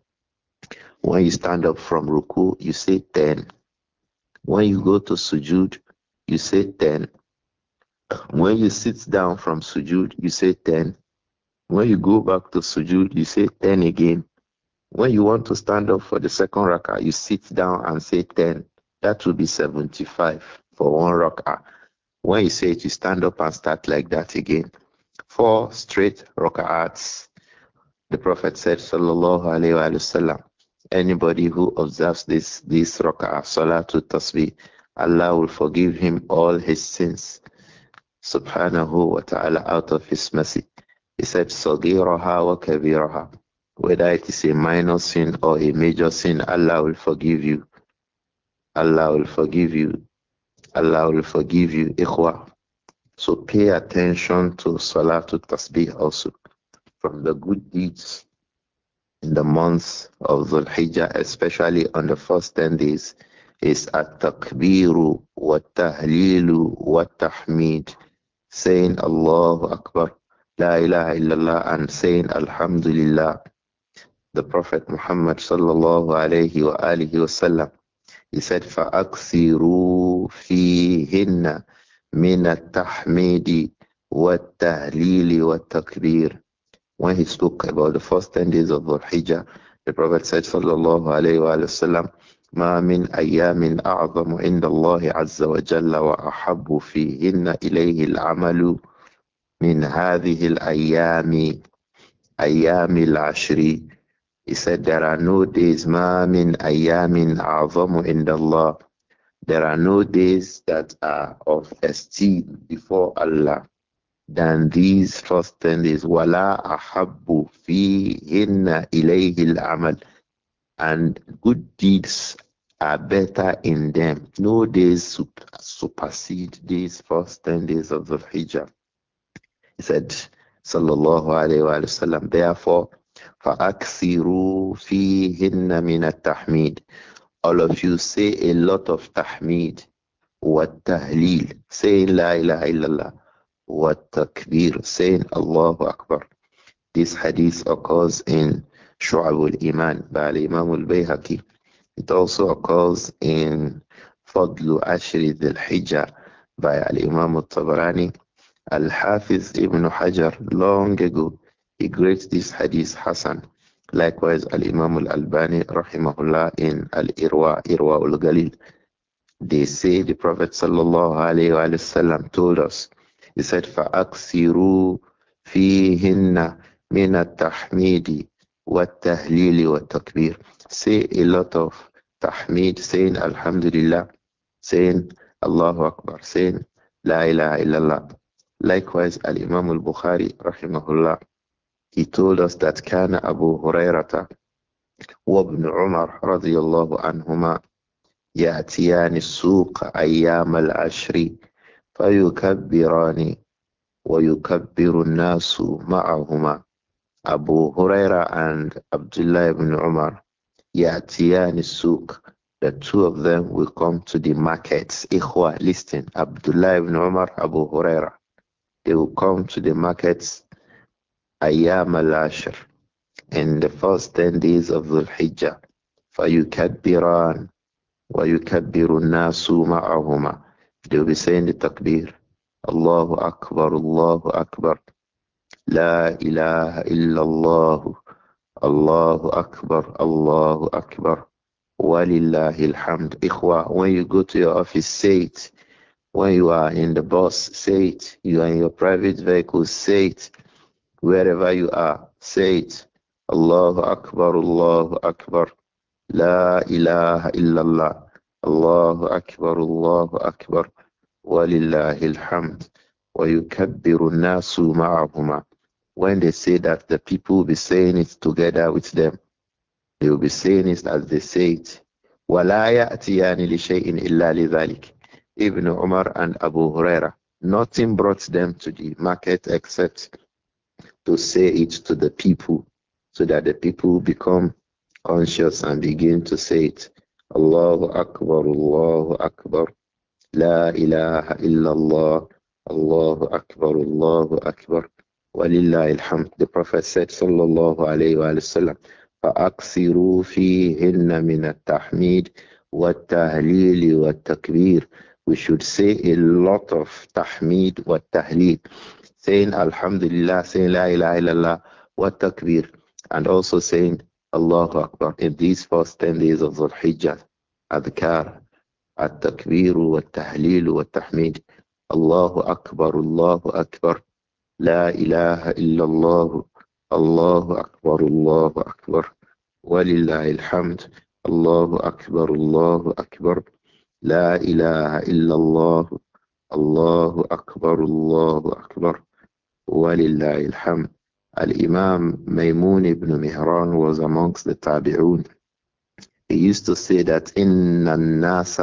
When you stand up from ruku, you say 10. When you go to sujud, you say 10. When you sit down from sujud, you say 10. When you go back to sujud, you say 10 again. When you want to stand up for the second rakah, you sit down and say 10. That will be 75 for one rakah. When you say it, you stand up and start like that again. Four straight rakahats. The Prophet said, Sallallahu Alaihi Wasallam, Anybody who observes this this rak'ah, salatu tasbih, Allah will forgive him all his sins. Subhanahu wa ta'ala out of his mercy. He said, Sagiraha wa kabiraha. Whether it is a minor sin or a major sin, Allah will forgive you. Allah will forgive you. Allah will forgive you. Ikhwa. So pay attention to to Tasbih also. From the good deeds in the months of Dhul Hijjah, especially on the first 10 days, is at-takbiru wa tahlilu wa tahmid, saying Allahu Akbar, La ilaha illallah, and saying Alhamdulillah. The Prophet Muhammad sallallahu alayhi wa alihi he said, فَأَكْثِرُوا فِيهِنَّ مِنَ التَّحْمِيدِ وَالتَّهْلِيلِ وَالتَّكْبِيرِ when he spoke about the first 10 days of Dhul the Prophet said, Sallallahu Alaihi Wasallam, ما من أيام أعظم عند الله عز وجل وأحب فيهن إليه العمل من هذه الأيام أيام العشر He said there are no days ما من أيام أعظم عند الله There are no days that are of esteem before Allah than these first 10 days. Wala fi fihinna ilayhi al-amal. And good deeds are better in them. No days supersede these first 10 days of the hijab. He said, Sallallahu alayhi wa sallam." therefore, فَأَكْثِرُوا فِيهِنَّ مِنَ التَّحْمِيدِ All of you say a lot of tahmid, wa tahleel, Say la ilaha illallah wa takbir, saying Allahu Akbar. This hadith occurs in Shu'abul iman by Imam al-Bayhaqi. It also occurs in Fadlu Ashri al-Hijjah by Imam al-Tabarani. Al-Hafiz ibn Hajar, long ago, he grades this hadith Hassan. Likewise, Al-Imam Al-Albani, rahimahullah, in Al-Irwa, Irwa Al-Galil, they say the Prophet sallallahu alayhi wasallam told us يسعد فأكثروا فيهن من التحميد والتهليل والتكبير say a lot of تحميد saying الحمد لله saying الله أكبر saying لا إله إلا الله Likewise, الإمام البخاري رحمه الله he told us that كان أبو هريرة وابن عمر رضي الله عنهما يأتيان السوق أيام العشرين فيكبران ويكبر الناس معهما Abu Huraira and Abdullah ibn Umar Yatiyan Suk the two of them will come to the markets. Ikhwa, listen, Abdullah ibn Umar, Abu Huraira. They will come to the markets Ayam al in the first 10 days of the Hijjah. فَيُكَبِّرَانِ وَيُكَبِّرُ النَّاسُ مَعَهُمَا They'll be saying the takbir. Allahu Akbar, Allahu Akbar. La ilaha illallah. Allahu Akbar, Allahu Akbar. Walillahi alhamd. Ikhwa, when you go to your office, say it. When you are in the bus, say it. You are in your private vehicle, say it. Wherever you are, say it. Allahu Akbar, Allahu Akbar. La ilaha illallah. Allahu Akbar, Allahu Akbar. وَلِلَّهِ الْحَمْدِ وَيُكَبِّرُ النَّاسُ مَعَهُمَا When they say that, the people will be saying it together with them. They will be saying it as they say it. وَلَا يَأْتِيَانِ لِشَيْءٍ إِلَّا لِذَلِكَ Ibn Umar and Abu Huraira. Nothing brought them to the market except to say it to the people so that the people become conscious and begin to say it. Allahu Akbar, Allahu Akbar. لا إله إلا الله الله أكبر الله أكبر ولله الحمد The Prophet said صلى الله عليه وآله وسلم فأكثروا فيهن من التحميد والتهليل والتكبير We should say a lot of تحميد والتهليل saying الحمد لله saying لا إله إلا الله والتكبير and also saying الله أكبر in these first 10 days of Dhul-Hijjah Adhkar التكبير والتهليل والتحميد الله أكبر الله أكبر لا إله إلا الله الله أكبر الله أكبر ولله الحمد الله أكبر الله أكبر لا إله إلا الله الله أكبر الله أكبر ولله الحمد الامام ميمون بن مهران was amongst the Tabi'un. He used to say that إن الناس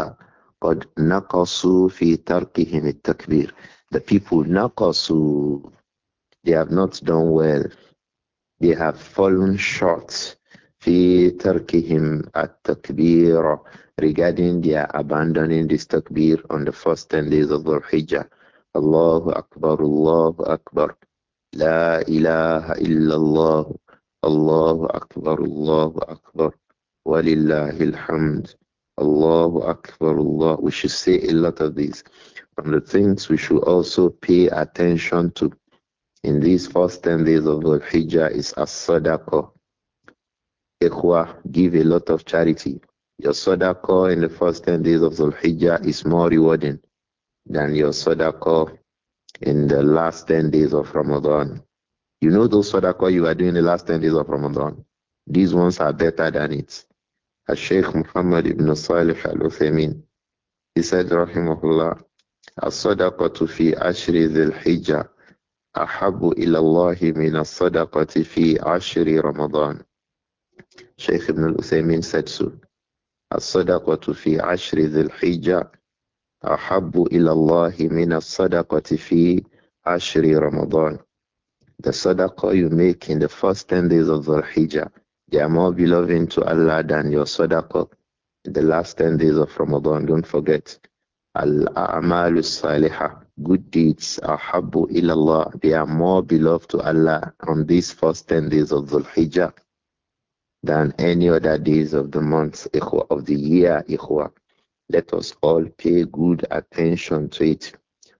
قد نقصوا في تركهم التكبير the people نقصوا they have not done well they have fallen short في تركهم التكبير regarding their abandoning this takbir on the first 10 days of Dhul Hijjah الله أكبر الله أكبر لا إله إلا الله الله أكبر الله أكبر ولله الحمد Allahu Akbar, Allah. We should say a lot of these. From the things we should also pay attention to in these first 10 days of the Hijjah is as sadaqah. Ikhwa, give a lot of charity. Your sadaqah in the first 10 days of the Hijjah is more rewarding than your sadaqah in the last 10 days of Ramadan. You know those sadaqah you are doing the last 10 days of Ramadan? These ones are better than it. الشيخ محمد ibn صالح al Uthaymeen. He said, Rahimahullah, As-sadaqatu fi ashri dhil hijjah ahabu ila Allah min as-sadaqati fi ashri Ramadan. Sheikh ibn al said so. As-sadaqatu hijjah ahabu ila Allah min as-sadaqati fi The sadaqah you make in the first 10 days of Dhul Hijjah they are more beloved to Allah than your sadaqah. The last 10 days of Ramadan, don't forget. Al-a'malu salihah. Good deeds are habbu ilallah. They are more beloved to Allah on these first 10 days of Dhul Hijjah than any other days of the month, of the year, ikhwa. Let us all pay good attention to it.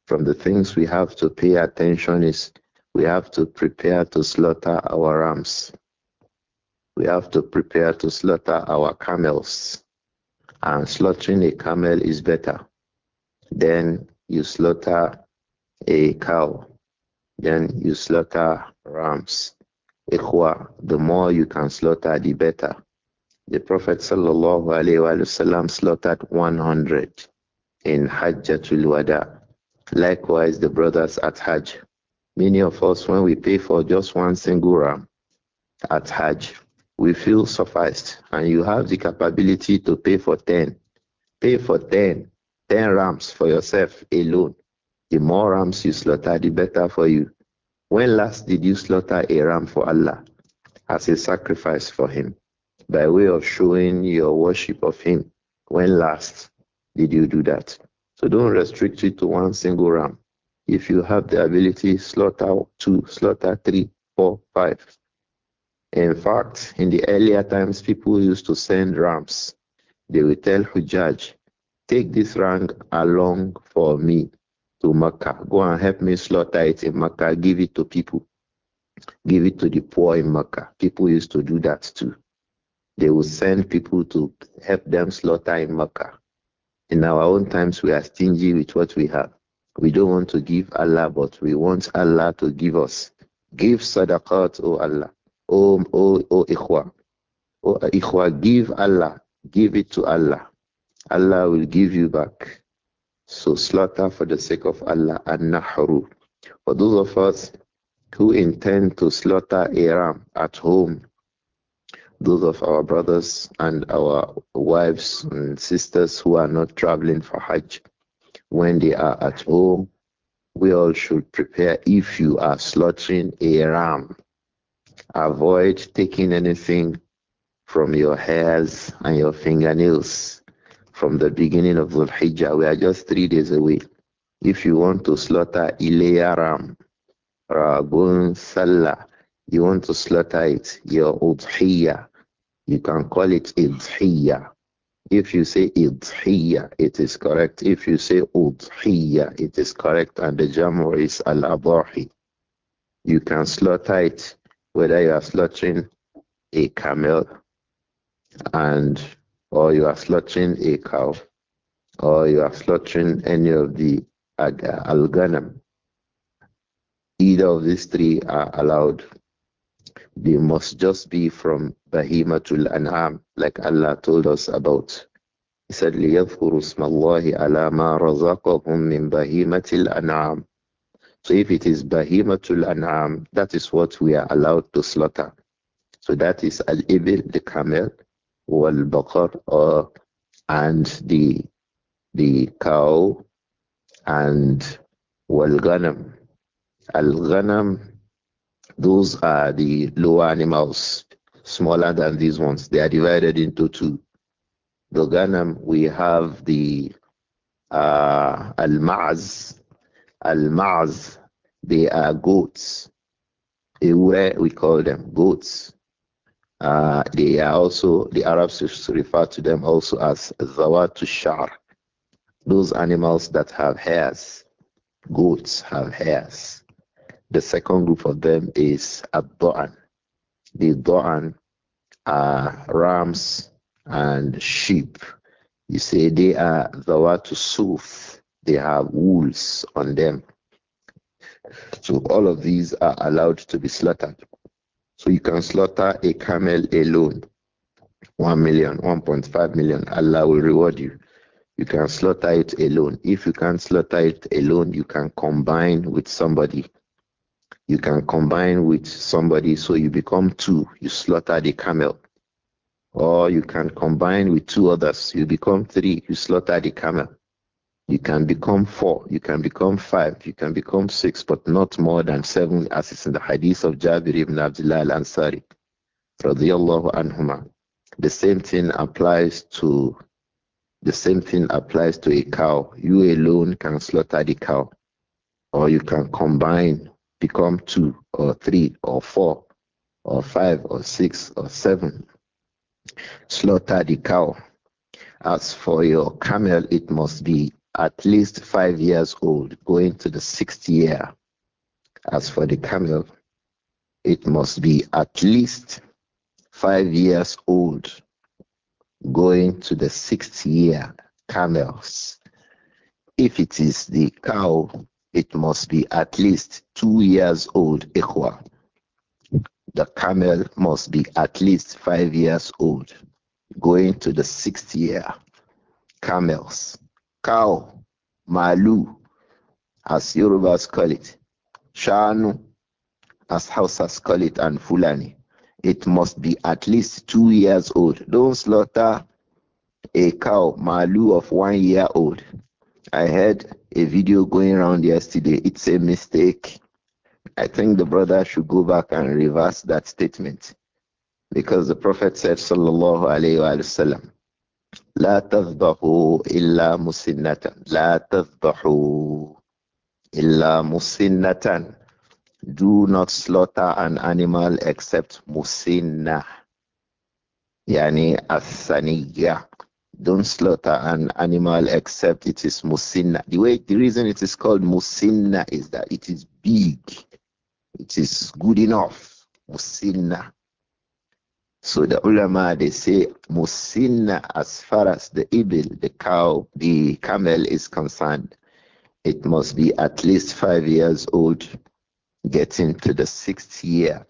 From the things we have to pay attention is we have to prepare to slaughter our rams we have to prepare to slaughter our camels. And slaughtering a camel is better. than you slaughter a cow. Then you slaughter rams. the more you can slaughter, the better. The Prophet wasallam slaughtered 100 in Hajjatul Wada. Likewise, the brothers at Hajj. Many of us, when we pay for just one single ram at Hajj, we feel sufficed and you have the capability to pay for 10 pay for 10 10 rams for yourself alone the more rams you slaughter the better for you when last did you slaughter a ram for allah as a sacrifice for him by way of showing your worship of him when last did you do that so don't restrict it to one single ram if you have the ability slaughter two slaughter three four five in fact, in the earlier times, people used to send rams. They would tell Hujjaj, take this ram along for me to Makkah. Go and help me slaughter it in Makkah. Give it to people. Give it to the poor in Makkah. People used to do that too. They would send people to help them slaughter in Makkah. In our own times, we are stingy with what we have. We don't want to give Allah, but we want Allah to give us. Give sadaqat, O Allah. O, O, O, Ikhwa. O, Ikhwa, give Allah. Give it to Allah. Allah will give you back. So slaughter for the sake of Allah and Nahru. For those of us who intend to slaughter a ram at home, those of our brothers and our wives and sisters who are not traveling for Hajj, when they are at home, we all should prepare if you are slaughtering a ram. Avoid taking anything from your hairs and your fingernails from the beginning of Dhul Hijjah. We are just three days away. If you want to slaughter Ilayaram, Ragun Salah, you want to slaughter it, your Udhiyah, you can call it Idhiyah. If you say Idhiyah, it is correct. If you say Udhiyah, it is correct. And the Jamur is Al You can slaughter it whether you are slaughtering a camel and or you are slaughtering a cow or you are slaughtering any of the alganam either of these three are allowed they must just be from bahima to an'am like allah told us about he said لِيَذْكُرُوا اسْمَ اللَّهِ عَلَى so if it is bahimatul an'am, that is what we are allowed to slaughter. So that is al-ibil, the camel, wal Bakr, or and the the cow and wal-ghanam. Al-ghanam, those are the lower animals, smaller than these ones. They are divided into two. The ghanam, we have the uh, al-ma'az, Al-Ma'z, they are goats. Ewure, we call them goats. Uh, they are also, the Arabs refer to them also as Zawatu Shar, those animals that have hairs. Goats have hairs. The second group of them is Abdoan. The Doan are rams and sheep. You say they are Zawatu Suf they have wools on them. So all of these are allowed to be slaughtered. So you can slaughter a camel alone. 1 million, 1.5 million, Allah will reward you. You can slaughter it alone. If you can't slaughter it alone, you can combine with somebody. You can combine with somebody so you become two. You slaughter the camel. Or you can combine with two others. You become three. You slaughter the camel. You can become four, you can become five, you can become six, but not more than seven, as is in the hadith of Jabir ibn Abdullah al Ansari. The same thing applies to the same thing applies to a cow. You alone can slaughter the cow, or you can combine, become two or three or four or five or six or seven. Slaughter the cow. As for your camel, it must be at least five years old, going to the sixth year. As for the camel, it must be at least five years old, going to the sixth year. Camels. If it is the cow, it must be at least two years old. Ikhwa. The camel must be at least five years old, going to the sixth year. Camels cow, malu, as Yorubas call it, shanu, as Hausas call it, and Fulani. It must be at least two years old. Don't slaughter a cow, malu, of one year old. I heard a video going around yesterday. It's a mistake. I think the brother should go back and reverse that statement because the Prophet said, Sallallahu Alaihi Wasallam, لا تذبحوا إلا مسنة لا تذبحوا إلا مسنة do not slaughter an animal except musinna yani asaniya don't slaughter an animal except it is musinna the way the reason it is called musinna is that it is big it is good enough musinna so the ulama they say musinna as far as the ibil, the cow, the camel is concerned, it must be at least five years old, getting to the sixth year.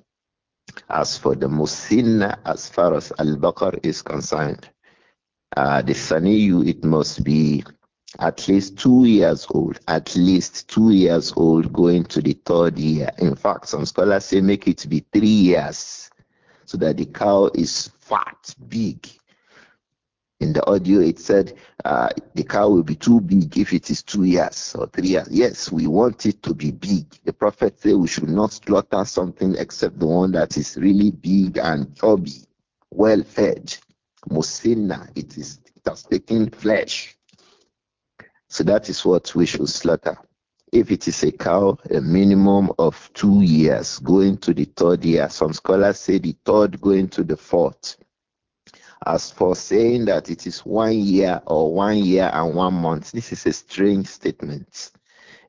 As for the musinna, as far as al Bakr is concerned, uh, the saniyu it must be at least two years old, at least two years old, going to the third year. In fact, some scholars say make it be three years so that the cow is fat, big. In the audio, it said uh, the cow will be too big if it is two years or three years. Yes, we want it to be big. The prophet said we should not slaughter something except the one that is really big and chubby, well fed. Musinna, it is it has taken flesh. So that is what we should slaughter. If it is a cow, a minimum of two years going to the third year. Some scholars say the third going to the fourth. As for saying that it is one year or one year and one month, this is a strange statement.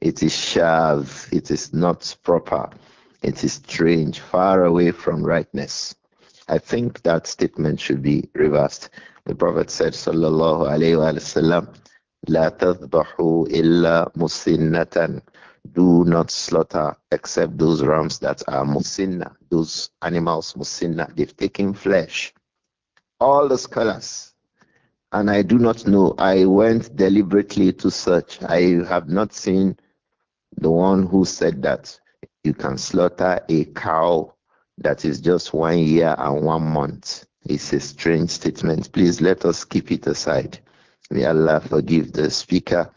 It is shav, it is not proper, it is strange, far away from rightness. I think that statement should be reversed. The Prophet said, Sallallahu Alaihi Wasallam, La tadbahu illa musinnatan. Do not slaughter except those rams that are musinna, those animals musinna. They've taken flesh. All the scholars, and I do not know, I went deliberately to search. I have not seen the one who said that you can slaughter a cow that is just one year and one month. It's a strange statement. Please let us keep it aside. May Allah forgive the speaker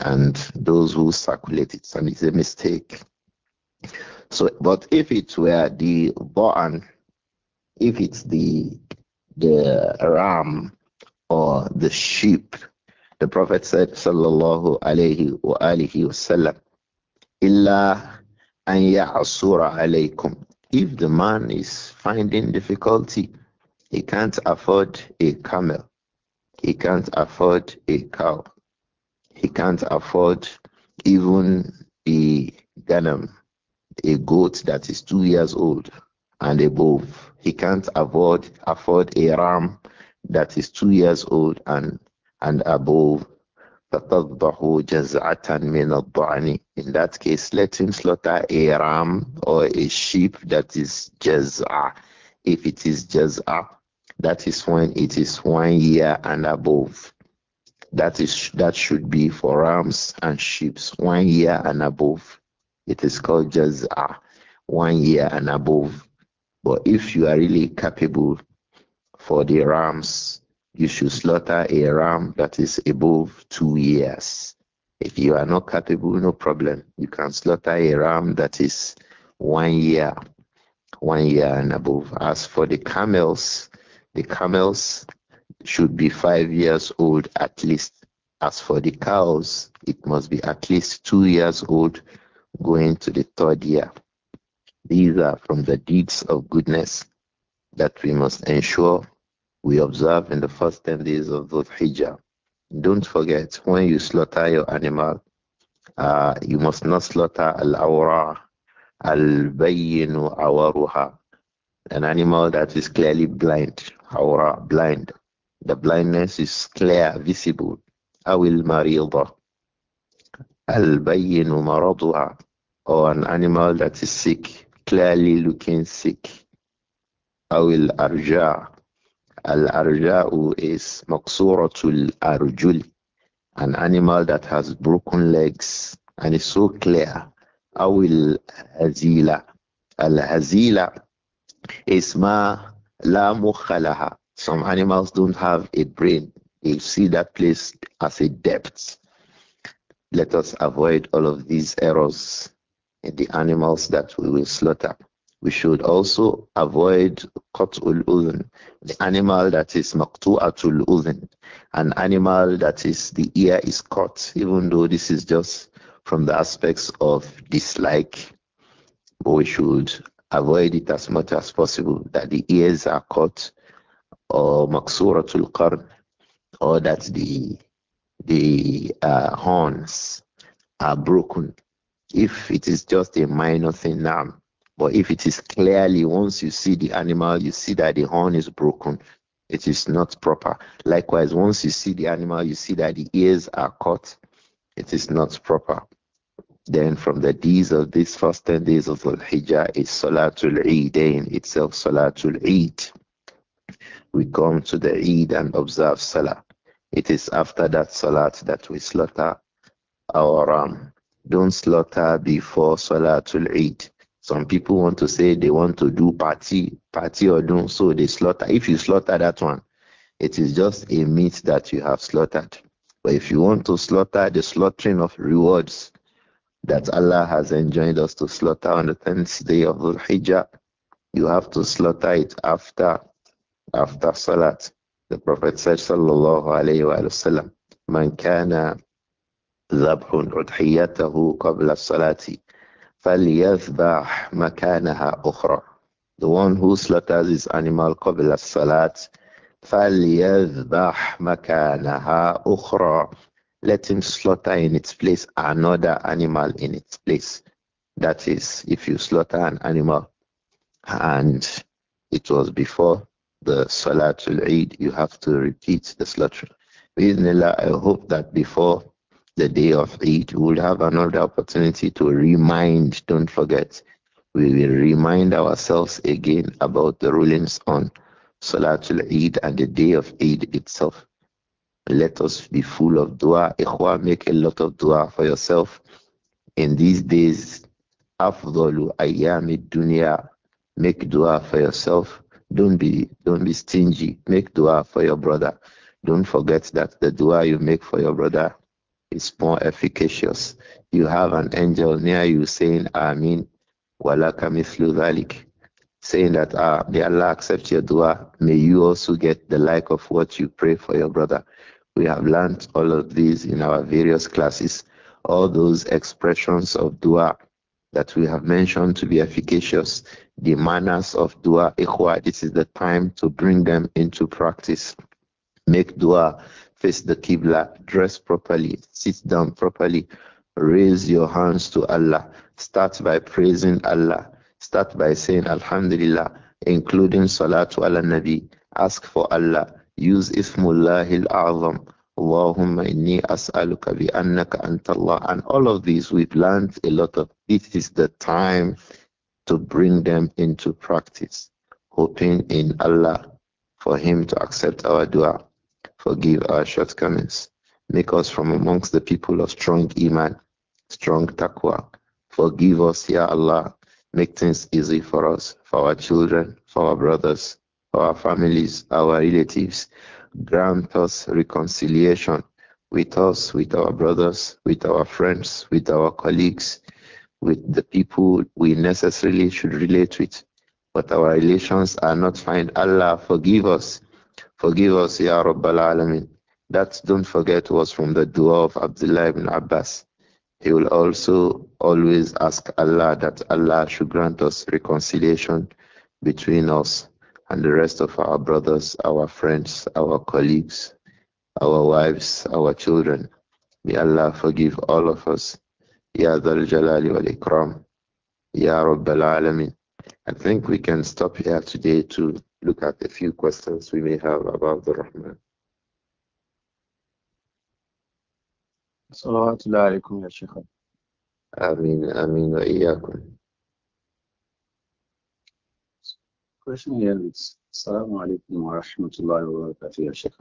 and those who circulate it. And it's a mistake. So, but if it were the ba'an, if it's the the ram or the sheep, the Prophet said, sallallahu alayhi wa alihi wasallam, illa an ya'asura alaykum. If the man is finding difficulty, he can't afford a camel he can't afford a cow. He can't afford even a ganem, a goat that is two years old and above. He can't afford afford a ram that is two years old and and above. In that case, let him slaughter a ram or a sheep that is jaz'a. If it is jaz'a, that is when it is one year and above. That is that should be for rams and sheep. One year and above. It is called jazah, one year and above. But if you are really capable for the rams, you should slaughter a ram that is above two years. If you are not capable, no problem. You can slaughter a ram that is one year, one year and above. As for the camels, the camels should be five years old at least. As for the cows, it must be at least two years old going to the third year. These are from the deeds of goodness that we must ensure we observe in the first 10 days of Dhul Hijjah. Don't forget, when you slaughter your animal, uh, you must not slaughter al-awra, al-bayyinu awaruha, an animal that is clearly blind. Aura, blind. The blindness is clear, visible. أو المريضة البين مرضها or an animal that is sick, clearly looking sick. أو الأرجاء who is is مقصورة الأرجل an animal that has broken legs and is so clear. أو الهزيلة الهزيلة is ما La mukhalaha. Some animals don't have a brain. They see that place as a depth. Let us avoid all of these errors in the animals that we will slaughter. We should also avoid qat'ul udhun, the animal that is maqtu'atul udhun, an animal that is the ear is cut, even though this is just from the aspects of dislike. But we should avoid it as much as possible, that the ears are cut or maksuratul qarn or that the the uh, horns are broken. If it is just a minor thing now, but if it is clearly once you see the animal, you see that the horn is broken, it is not proper. Likewise, once you see the animal, you see that the ears are cut, it is not proper. Then from the days of these first 10 days of Dhul Hijjah is Salatul Eidain itself, Salatul Eid. We come to the Eid and observe Salah. It is after that Salat that we slaughter our ram. Don't slaughter before Salatul Eid. Some people want to say they want to do party, party or don't, so they slaughter. If you slaughter that one, it is just a meat that you have slaughtered. But if you want to slaughter the slaughtering of rewards, that Allah has enjoined us to slaughter on the tenth day of Dhul Hijjah. You have to slaughter it after after Salat. The Prophet said, Sallallahu Alaihi Wasallam, Man kana ذبح أضحيته قبل الصلاة فليذبح مكانها أخرى. The one who slaughters his animal قبل الصلاة فليذبح مكانها أخرى let him slaughter in its place another animal in its place. That is, if you slaughter an animal and it was before the Salatul Eid, you have to repeat the slaughter. Bismillah, I hope that before the day of Eid, we'll have another opportunity to remind, don't forget, we will remind ourselves again about the rulings on Salatul Eid and the day of Eid itself. Let us be full of dua. Ikhwa, make a lot of dua for yourself. In these days, afdalu ayami dunya, make dua for yourself. Don't be don't be stingy. Make dua for your brother. Don't forget that the dua you make for your brother is more efficacious. You have an angel near you saying Amin Walaka mithlu dhalik saying that ah may Allah accept your dua, may you also get the like of what you pray for your brother. We have learnt all of these in our various classes, all those expressions of dua that we have mentioned to be efficacious, the manners of dua ikhwa. This is the time to bring them into practice. Make dua, face the Qibla, dress properly, sit down properly, raise your hands to Allah. Start by praising Allah. Start by saying Alhamdulillah, including Salatu ala Nabi. Ask for Allah Use al A'zam. Allahumma inni as'aluka bi annaka antallah. And all of these we've learned a lot of. It is the time to bring them into practice, hoping in Allah for Him to accept our dua, forgive our shortcomings, make us from amongst the people of strong iman, strong taqwa. Forgive us, Ya Allah. Make things easy for us, for our children, for our brothers, our families, our relatives. Grant us reconciliation with us, with our brothers, with our friends, with our colleagues, with the people we necessarily should relate with. But our relations are not fine. Allah, forgive us. Forgive us, Ya Rabbal Alameen. That, don't forget, was from the dua of Abdullah ibn Abbas. He will also always ask Allah that Allah should grant us reconciliation between us and the rest of our brothers, our friends, our colleagues, our wives, our children. May Allah forgive all of us. Ya Dhal Jalali wal Ikram. Ya Rabbal Alamin. I think we can stop here today to look at a few questions we may have about the Rahman. صلوات الله عليكم يا شيخ آمين question here is Assalamu alaikum wa rahmatullahi wa barakatuh, Ya Sheikh.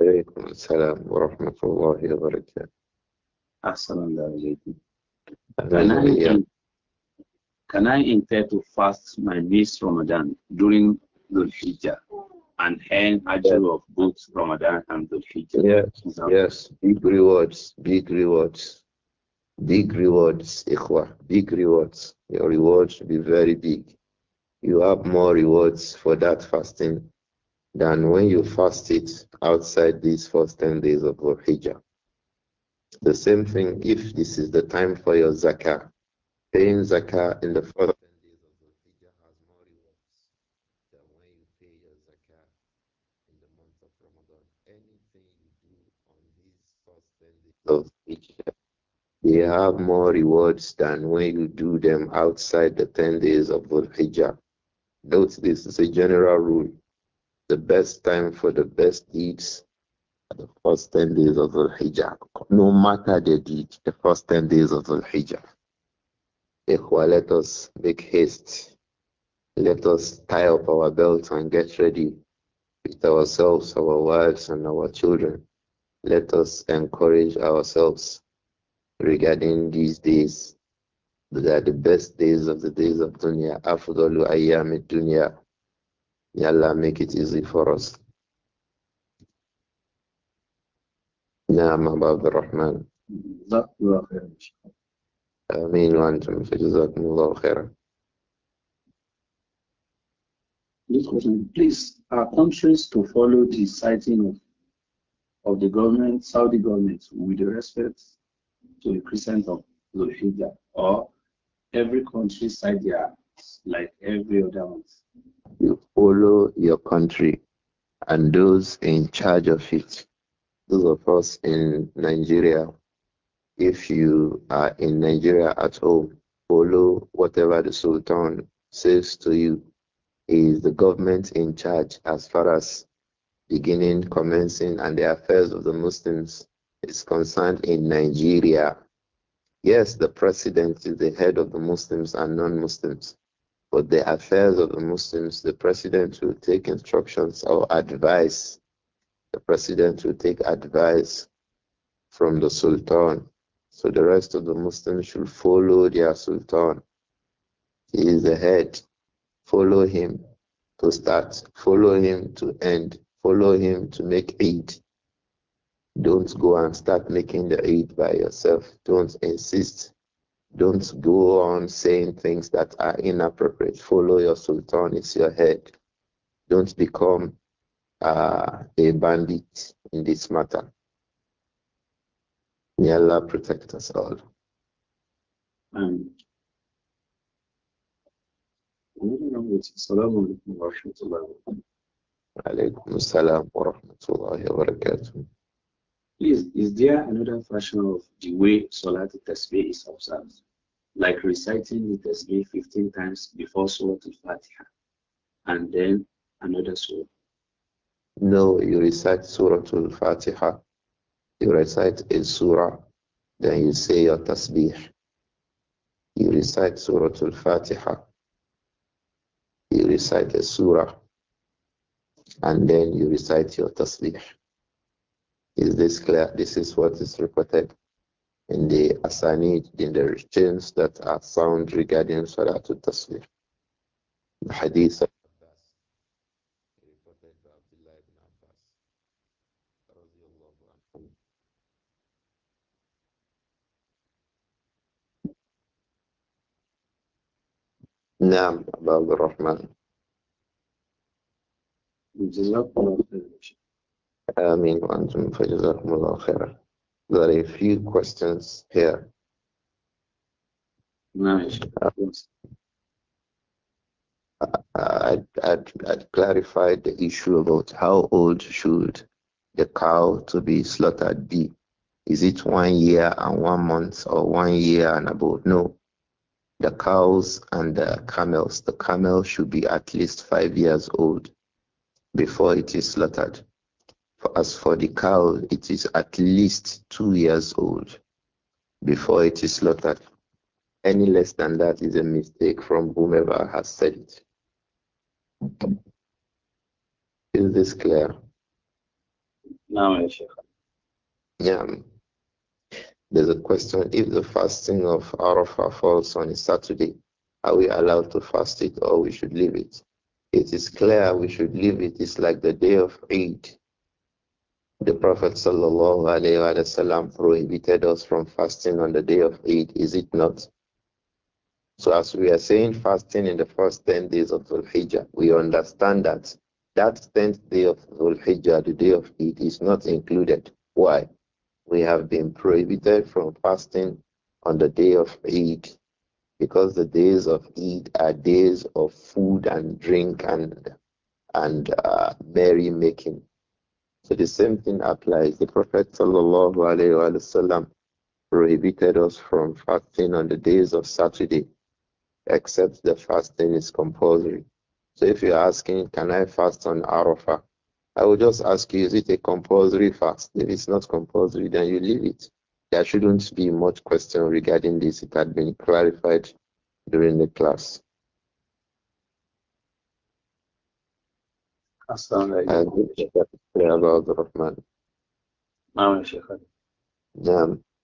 Alaykum assalam wa rahmatullahi wa barakatuh. Assalamu alaikum. Can I intend to fast my niece Ramadan during Dhul Hijjah and earn ajr yeah. of both Ramadan and Dhul Hijjah? Yes, yes, big rewards, big rewards, big rewards, ikhwah, big rewards. Your rewards should be very big you have more rewards for that fasting than when you fast it outside these first 10 days of Hijjah. The same thing if this is the time for your zakah. Paying zakah in the first 10 days of Hijjah has more rewards than when you pay your zakah in the month of Ramadan. Anything you do on these first 10 days of they have more rewards than when you do them outside the 10 days of Hijjah. Note this is a general rule. The best time for the best deeds are the first 10 days of the hijrah. No matter the deed, the first 10 days of the hijrah. Ikhwa, let us make haste. Let us tie up our belts and get ready with ourselves, our wives, and our children. Let us encourage ourselves regarding these days they are the best days of the days of dunya. Afdalu ayyami dunya. Ya Allah make it easy for us. نعم أبا عبد الرحمن جزاك الله fi آمين وأنتم This question, please, are countries to follow the citing of, of the government, Saudi government, with respect to the crescent of Zulhijjah, or every countryside here, like every other one. You follow your country and those in charge of it. Those of us in Nigeria, if you are in Nigeria at home, follow whatever the Sultan says to you. is the government in charge as far as beginning, commencing, and the affairs of the Muslims is concerned in Nigeria. Yes, the president is the head of the Muslims and non Muslims, but the affairs of the Muslims, the president will take instructions or advice. The president will take advice from the sultan. So the rest of the Muslims should follow their sultan. He is the head. Follow him to start, follow him to end, follow him to make aid. Don't go and start making the Eid by yourself. Don't insist. Don't go on saying things that are inappropriate. Follow your sultan, it's your head. Don't become uh, a bandit in this matter. May Allah protect us all. Um, Alaykum wa rahmatullahi wa barakatuh. Please, is there another version of the way Salat Tasbih is observed? Like reciting the Tasbih 15 times before Surah Al-Fatiha and then another Surah? No, you recite Surah Al-Fatiha, you recite a Surah, then you say your Tasbih. You recite Surah Al-Fatiha, you recite a Surah, and then you recite your Tasbih is this clear? This is what is reported in the asanid, in the chains that are found regarding Salatul Tasbih. The hadith of Abbas, reported by Abdullah ibn Abbas, آمين وأنتم فجزاكم الله خيرا. There are a few questions here. Nice. I, I, clarified the issue about how old should the cow to be slaughtered be. Is it one year and one month or one year and about? No. The cows and the camels, the camel should be at least five years old before it is slaughtered. As for the cow, it is at least two years old before it is slaughtered. Any less than that is a mistake from whomever has said it. Is this clear? No, Sheikh. Yeah. There's a question if the fasting of Arafah falls on a Saturday, are we allowed to fast it or we should leave it? It is clear we should leave it. It's like the day of Eid. The Prophet ﷺ prohibited us from fasting on the day of Eid, is it not? So, as we are saying, fasting in the first 10 days of Dhul Hijjah, we understand that that 10th day of Dhul Hijjah, the day of Eid, is not included. Why? We have been prohibited from fasting on the day of Eid because the days of Eid are days of food and drink and and uh, merry making. So the same thing applies. The Prophet وسلم, prohibited us from fasting on the days of Saturday, except the fasting is compulsory. So if you're asking, can I fast on Arafah? I will just ask you, is it a compulsory fast? If it's not compulsory, then you leave it. There shouldn't be much question regarding this. It had been clarified during the class. أحسن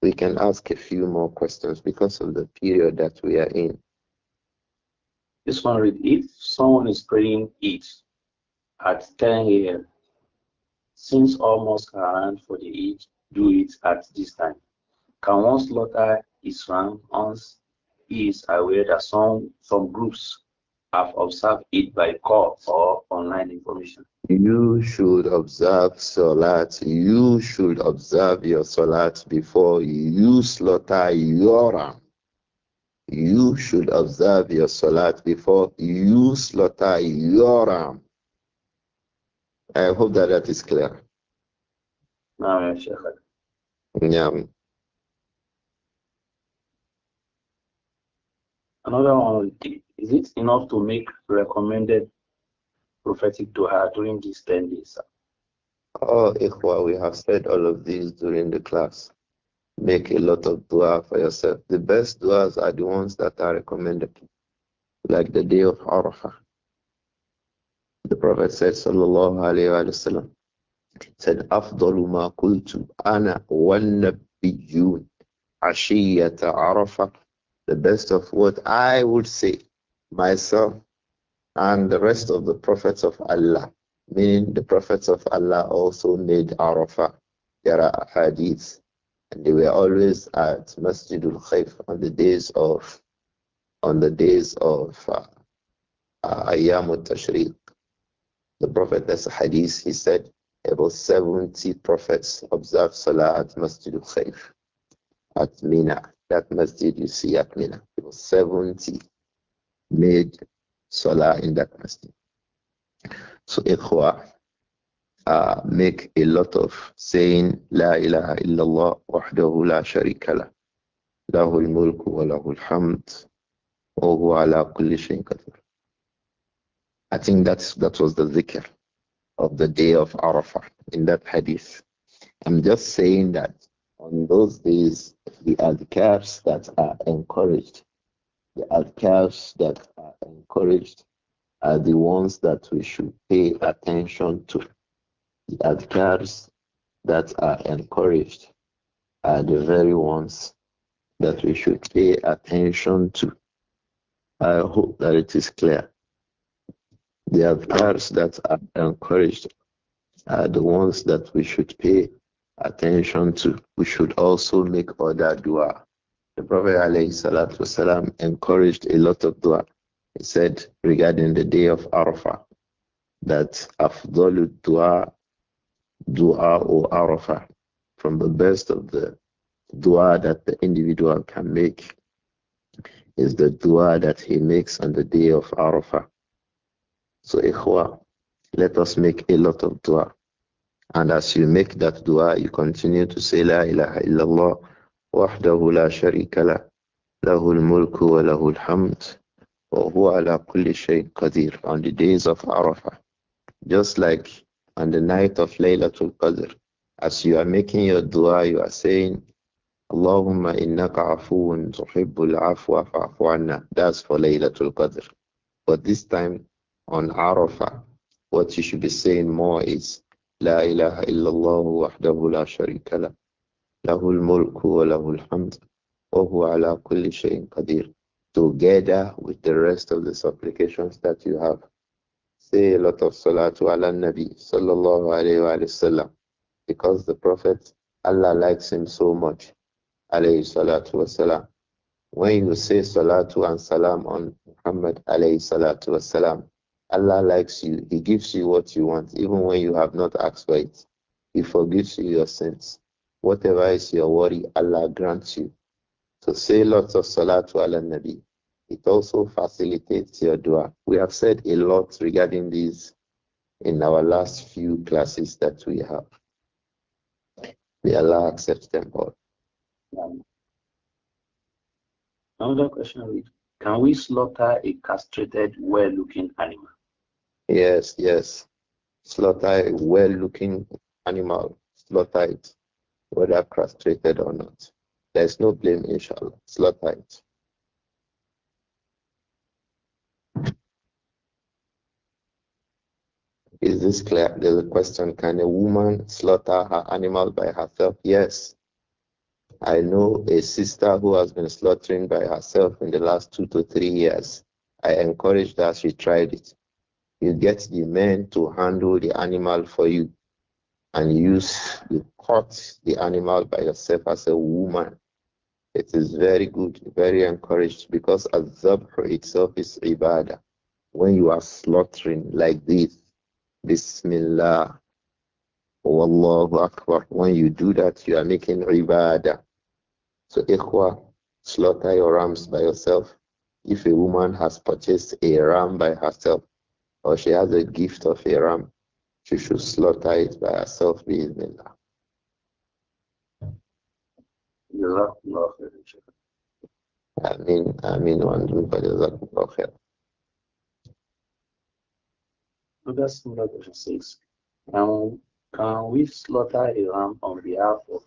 we can ask a few more questions because of the period that we are in. This one read if someone is praying it at 10 a.m. since all mosques are around for the Eid, do it at this time. Can one slaughter Islam once he is aware that some some groups have observed it by call or online information. You should observe Salat. You should observe your Salat before you slaughter your ram. You should observe your Salat before you slaughter your ram. I hope that that is clear. No, yeah. Another one, is it enough to make recommended prophetic dua during these 10 days? Oh, Ikhwa, we have said all of these during the class. Make a lot of dua for yourself. The best duas are the ones that are recommended, like the day of Arafah. The Prophet said, Sallallahu Alaihi Wasallam, said, أفضل ما قلت أنا والنبيون عشية عرفة the best of what I would say myself and the rest of the prophets of Allah, meaning the prophets of Allah also made Arafah. There are hadiths, and they were always at Masjidul Khayf on the days of on the days of uh, uh Ayyamut Tashriq. The Prophet, that's a hadith, he said about 70 prophets observed Salah at Masjidul Khayf at Mina that masjid you see at Mina. It was 70 made salah in that masjid. So, ikhwa, uh, make a lot of saying, La ilaha illallah wahdahu la sharika la. Lahu al-mulku wa lahu al-hamd. Wa ala kulli shayin qadir. I think that's, that was the zikr of the day of Arafah in that hadith. I'm just saying that on those days the adhikars that are encouraged. The adhikars that are encouraged are the ones that we should pay attention to. The adhikars that are encouraged are the very ones that we should pay attention to. I hope that it is clear. The adhikars that are encouraged are the ones that we should pay attention to. We should also make other dua. The Prophet ﷺ encouraged a lot of dua. He said regarding the day of Arafah that afdalu dua dua or Arafah from the best of the dua that the individual can make is the dua that he makes on the day of Arafah. So, ikhwa, let us make a lot of dua. And as you make that dua, you continue to say, La ilaha illallah, wahdahu la sharika la, lahul mulku wa lahul hamd, wa huwa ala kulli shayin qadir, on the days of Arafah. Just like on the night of Laylatul Qadr, as you are making your dua, you are saying, Allahumma innaka afuun tuhibbul afwa fa'fu anna. That's for Laylatul Qadr. But this time on Arafah, what you should be saying more is, لا إله إلا الله وحده لا شريك له له الملك وله الحمد وهو على كل شيء قدير together with the rest of the supplications that you have say a lot of salatu ala nabi sallallahu alayhi wa sallam because the prophet Allah likes him so much alayhi salatu wa salam when you say salatu and salam on Muhammad alayhi salatu wa salam Allah likes you. He gives you what you want, even when you have not asked for it. He forgives you your sins. Whatever is your worry, Allah grants you. So say lots of salah to Allah Nabi. It also facilitates your dua. We have said a lot regarding this in our last few classes that we have. May Allah accept them all. Another question Can we slaughter a castrated, well looking animal? Yes, yes. Slaughter a well looking animal, slaughter it, whether castrated or not. There's no blame, inshallah. Slaughter it. Is this clear? There's a question Can a woman slaughter her animal by herself? Yes. I know a sister who has been slaughtering by herself in the last two to three years. I encouraged her, she tried it you get the men to handle the animal for you and use you cut the animal by yourself as a woman. It is very good, very encouraged because azabh itself is ibadah. When you are slaughtering like this, Bismillah, Wallahu Akbar. When you do that, you are making ibadah. So ikhwa, slaughter your rams by yourself. If a woman has purchased a ram by herself, or she has a gift of a ram, she should slaughter it by herself, do آمين آمين وأنتم فجزاكم الله خير. That's number six. Now, can we slaughter a ram on behalf of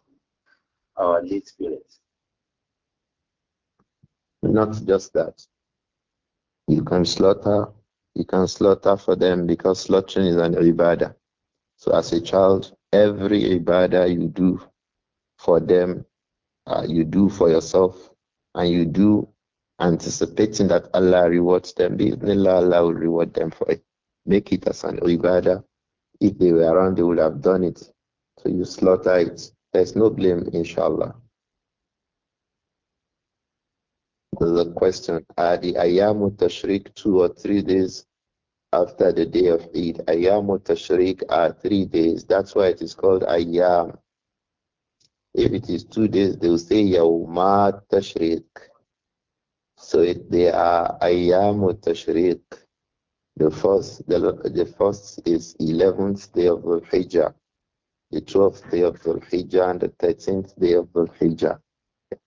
our late spirit? Not just that. You can slaughter you can slaughter for them because slaughtering is an ibadah. So as a child, every ibadah you do for them, uh, you do for yourself, and you do anticipating that Allah rewards them. Bismillah, Allah will reward them for it. Make it as an ibadah. If they were around, they would have done it. So you slaughter it. There's no blame, inshallah. The question Are the Ayamu Tashriq two or three days after the day of Eid? Ayamu Tashriq are three days. That's why it is called Ayam. If it is two days, they will say Yawma Tashriq. So it, they are Ayamu Tashriq. The first, the, the first is 11th day of Dhul Hijjah, the 12th day of Dhul Hijjah, and the 13th day of Dhul Hijjah.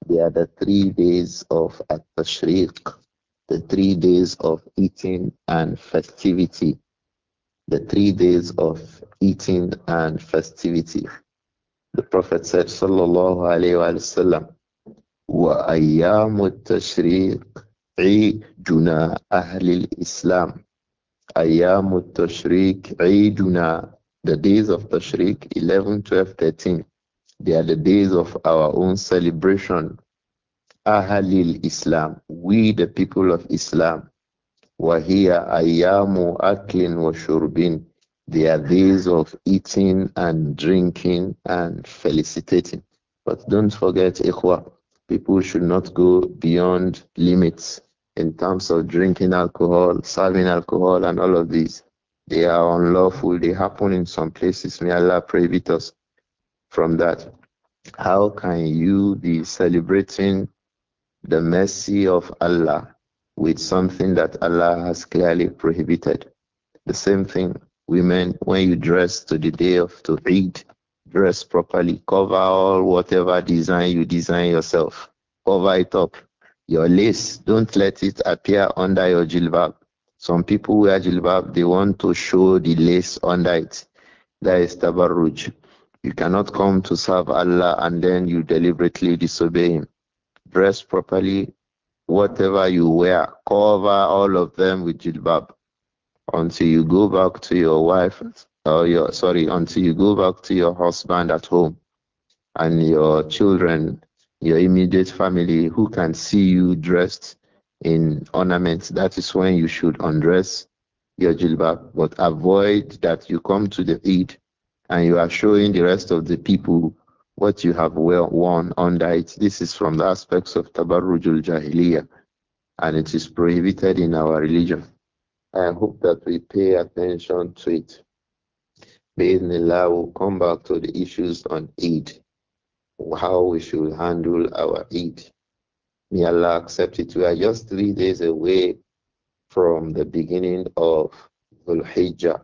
They are the three days of At-Tashriq, the three days of eating and festivity, the three days of eating and festivity. The Prophet said, Sallallahu Alaihi Wasallam, Wa ayyamu tashriq عيدنا islam الإسلام أيام التشريك عيدنا the days of Tashriq 11, 12, 13 they are the days of our own celebration. Ahalil Islam, we the people of Islam. Wahia ayamu aklin washurbin. They are days of eating and drinking and felicitating. But don't forget, ikhwa, people should not go beyond limits in terms of drinking alcohol, serving alcohol, and all of these. They are unlawful. They happen in some places. May Allah prohibit us from that. How can you be celebrating the mercy of Allah with something that Allah has clearly prohibited? The same thing, women, when you dress to the day of to Eid, dress properly, cover all whatever design you design yourself, cover it up. Your lace, don't let it appear under your jilbab. Some people wear jilbab, they want to show the lace under it. That is tabarruj. You cannot come to serve Allah and then you deliberately disobey Him. Dress properly, whatever you wear, cover all of them with jilbab until you go back to your wife or your sorry, until you go back to your husband at home and your children, your immediate family who can see you dressed in ornaments. That is when you should undress your jilbab, but avoid that you come to the Eid and you are showing the rest of the people what you have well won under it. This is from the aspects of Tabarrujul Jahiliyyah, and it is prohibited in our religion. I hope that we pay attention to it. Bismillah, Allah will come back to the issues on Eid, how we should handle our Eid. May Allah accept it. We are just three days away from the beginning of Dhul Hijjah.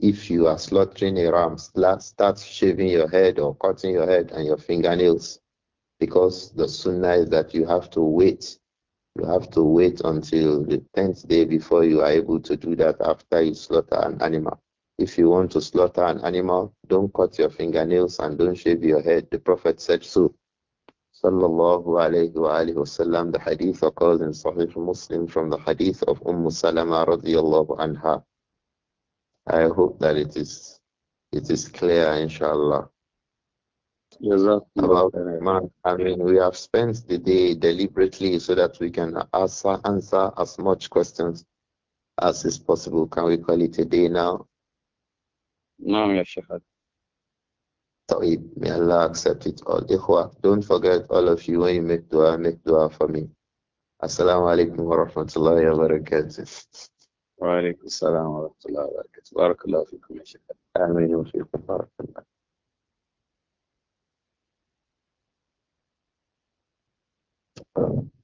If you are slaughtering a ram, start shaving your head or cutting your head and your fingernails because the sunnah is that you have to wait. You have to wait until the tenth day before you are able to do that after you slaughter an animal. If you want to slaughter an animal, don't cut your fingernails and don't shave your head. The Prophet said so. Sallallahu alayhi wa alayhi wasallam. The hadith occurs in Sahih Muslim from the hadith of Umm Salama radiallahu anha. I hope that it is it is clear, inshallah. Yes, About I mean, we have spent the day deliberately so that we can answer, answer as much questions as is possible. Can we call it a day now? No, Ya Shahad. Tawib, may Allah accept it all. don't forget all of you when you make dua, make dua for me. Assalamu alaikum wa rahmatullahi wa barakatuh. وعليكم السلام ورحمة الله وبركاته بارك الله فيكم يا شيخ آمين وفيكم بارك الله Thank you.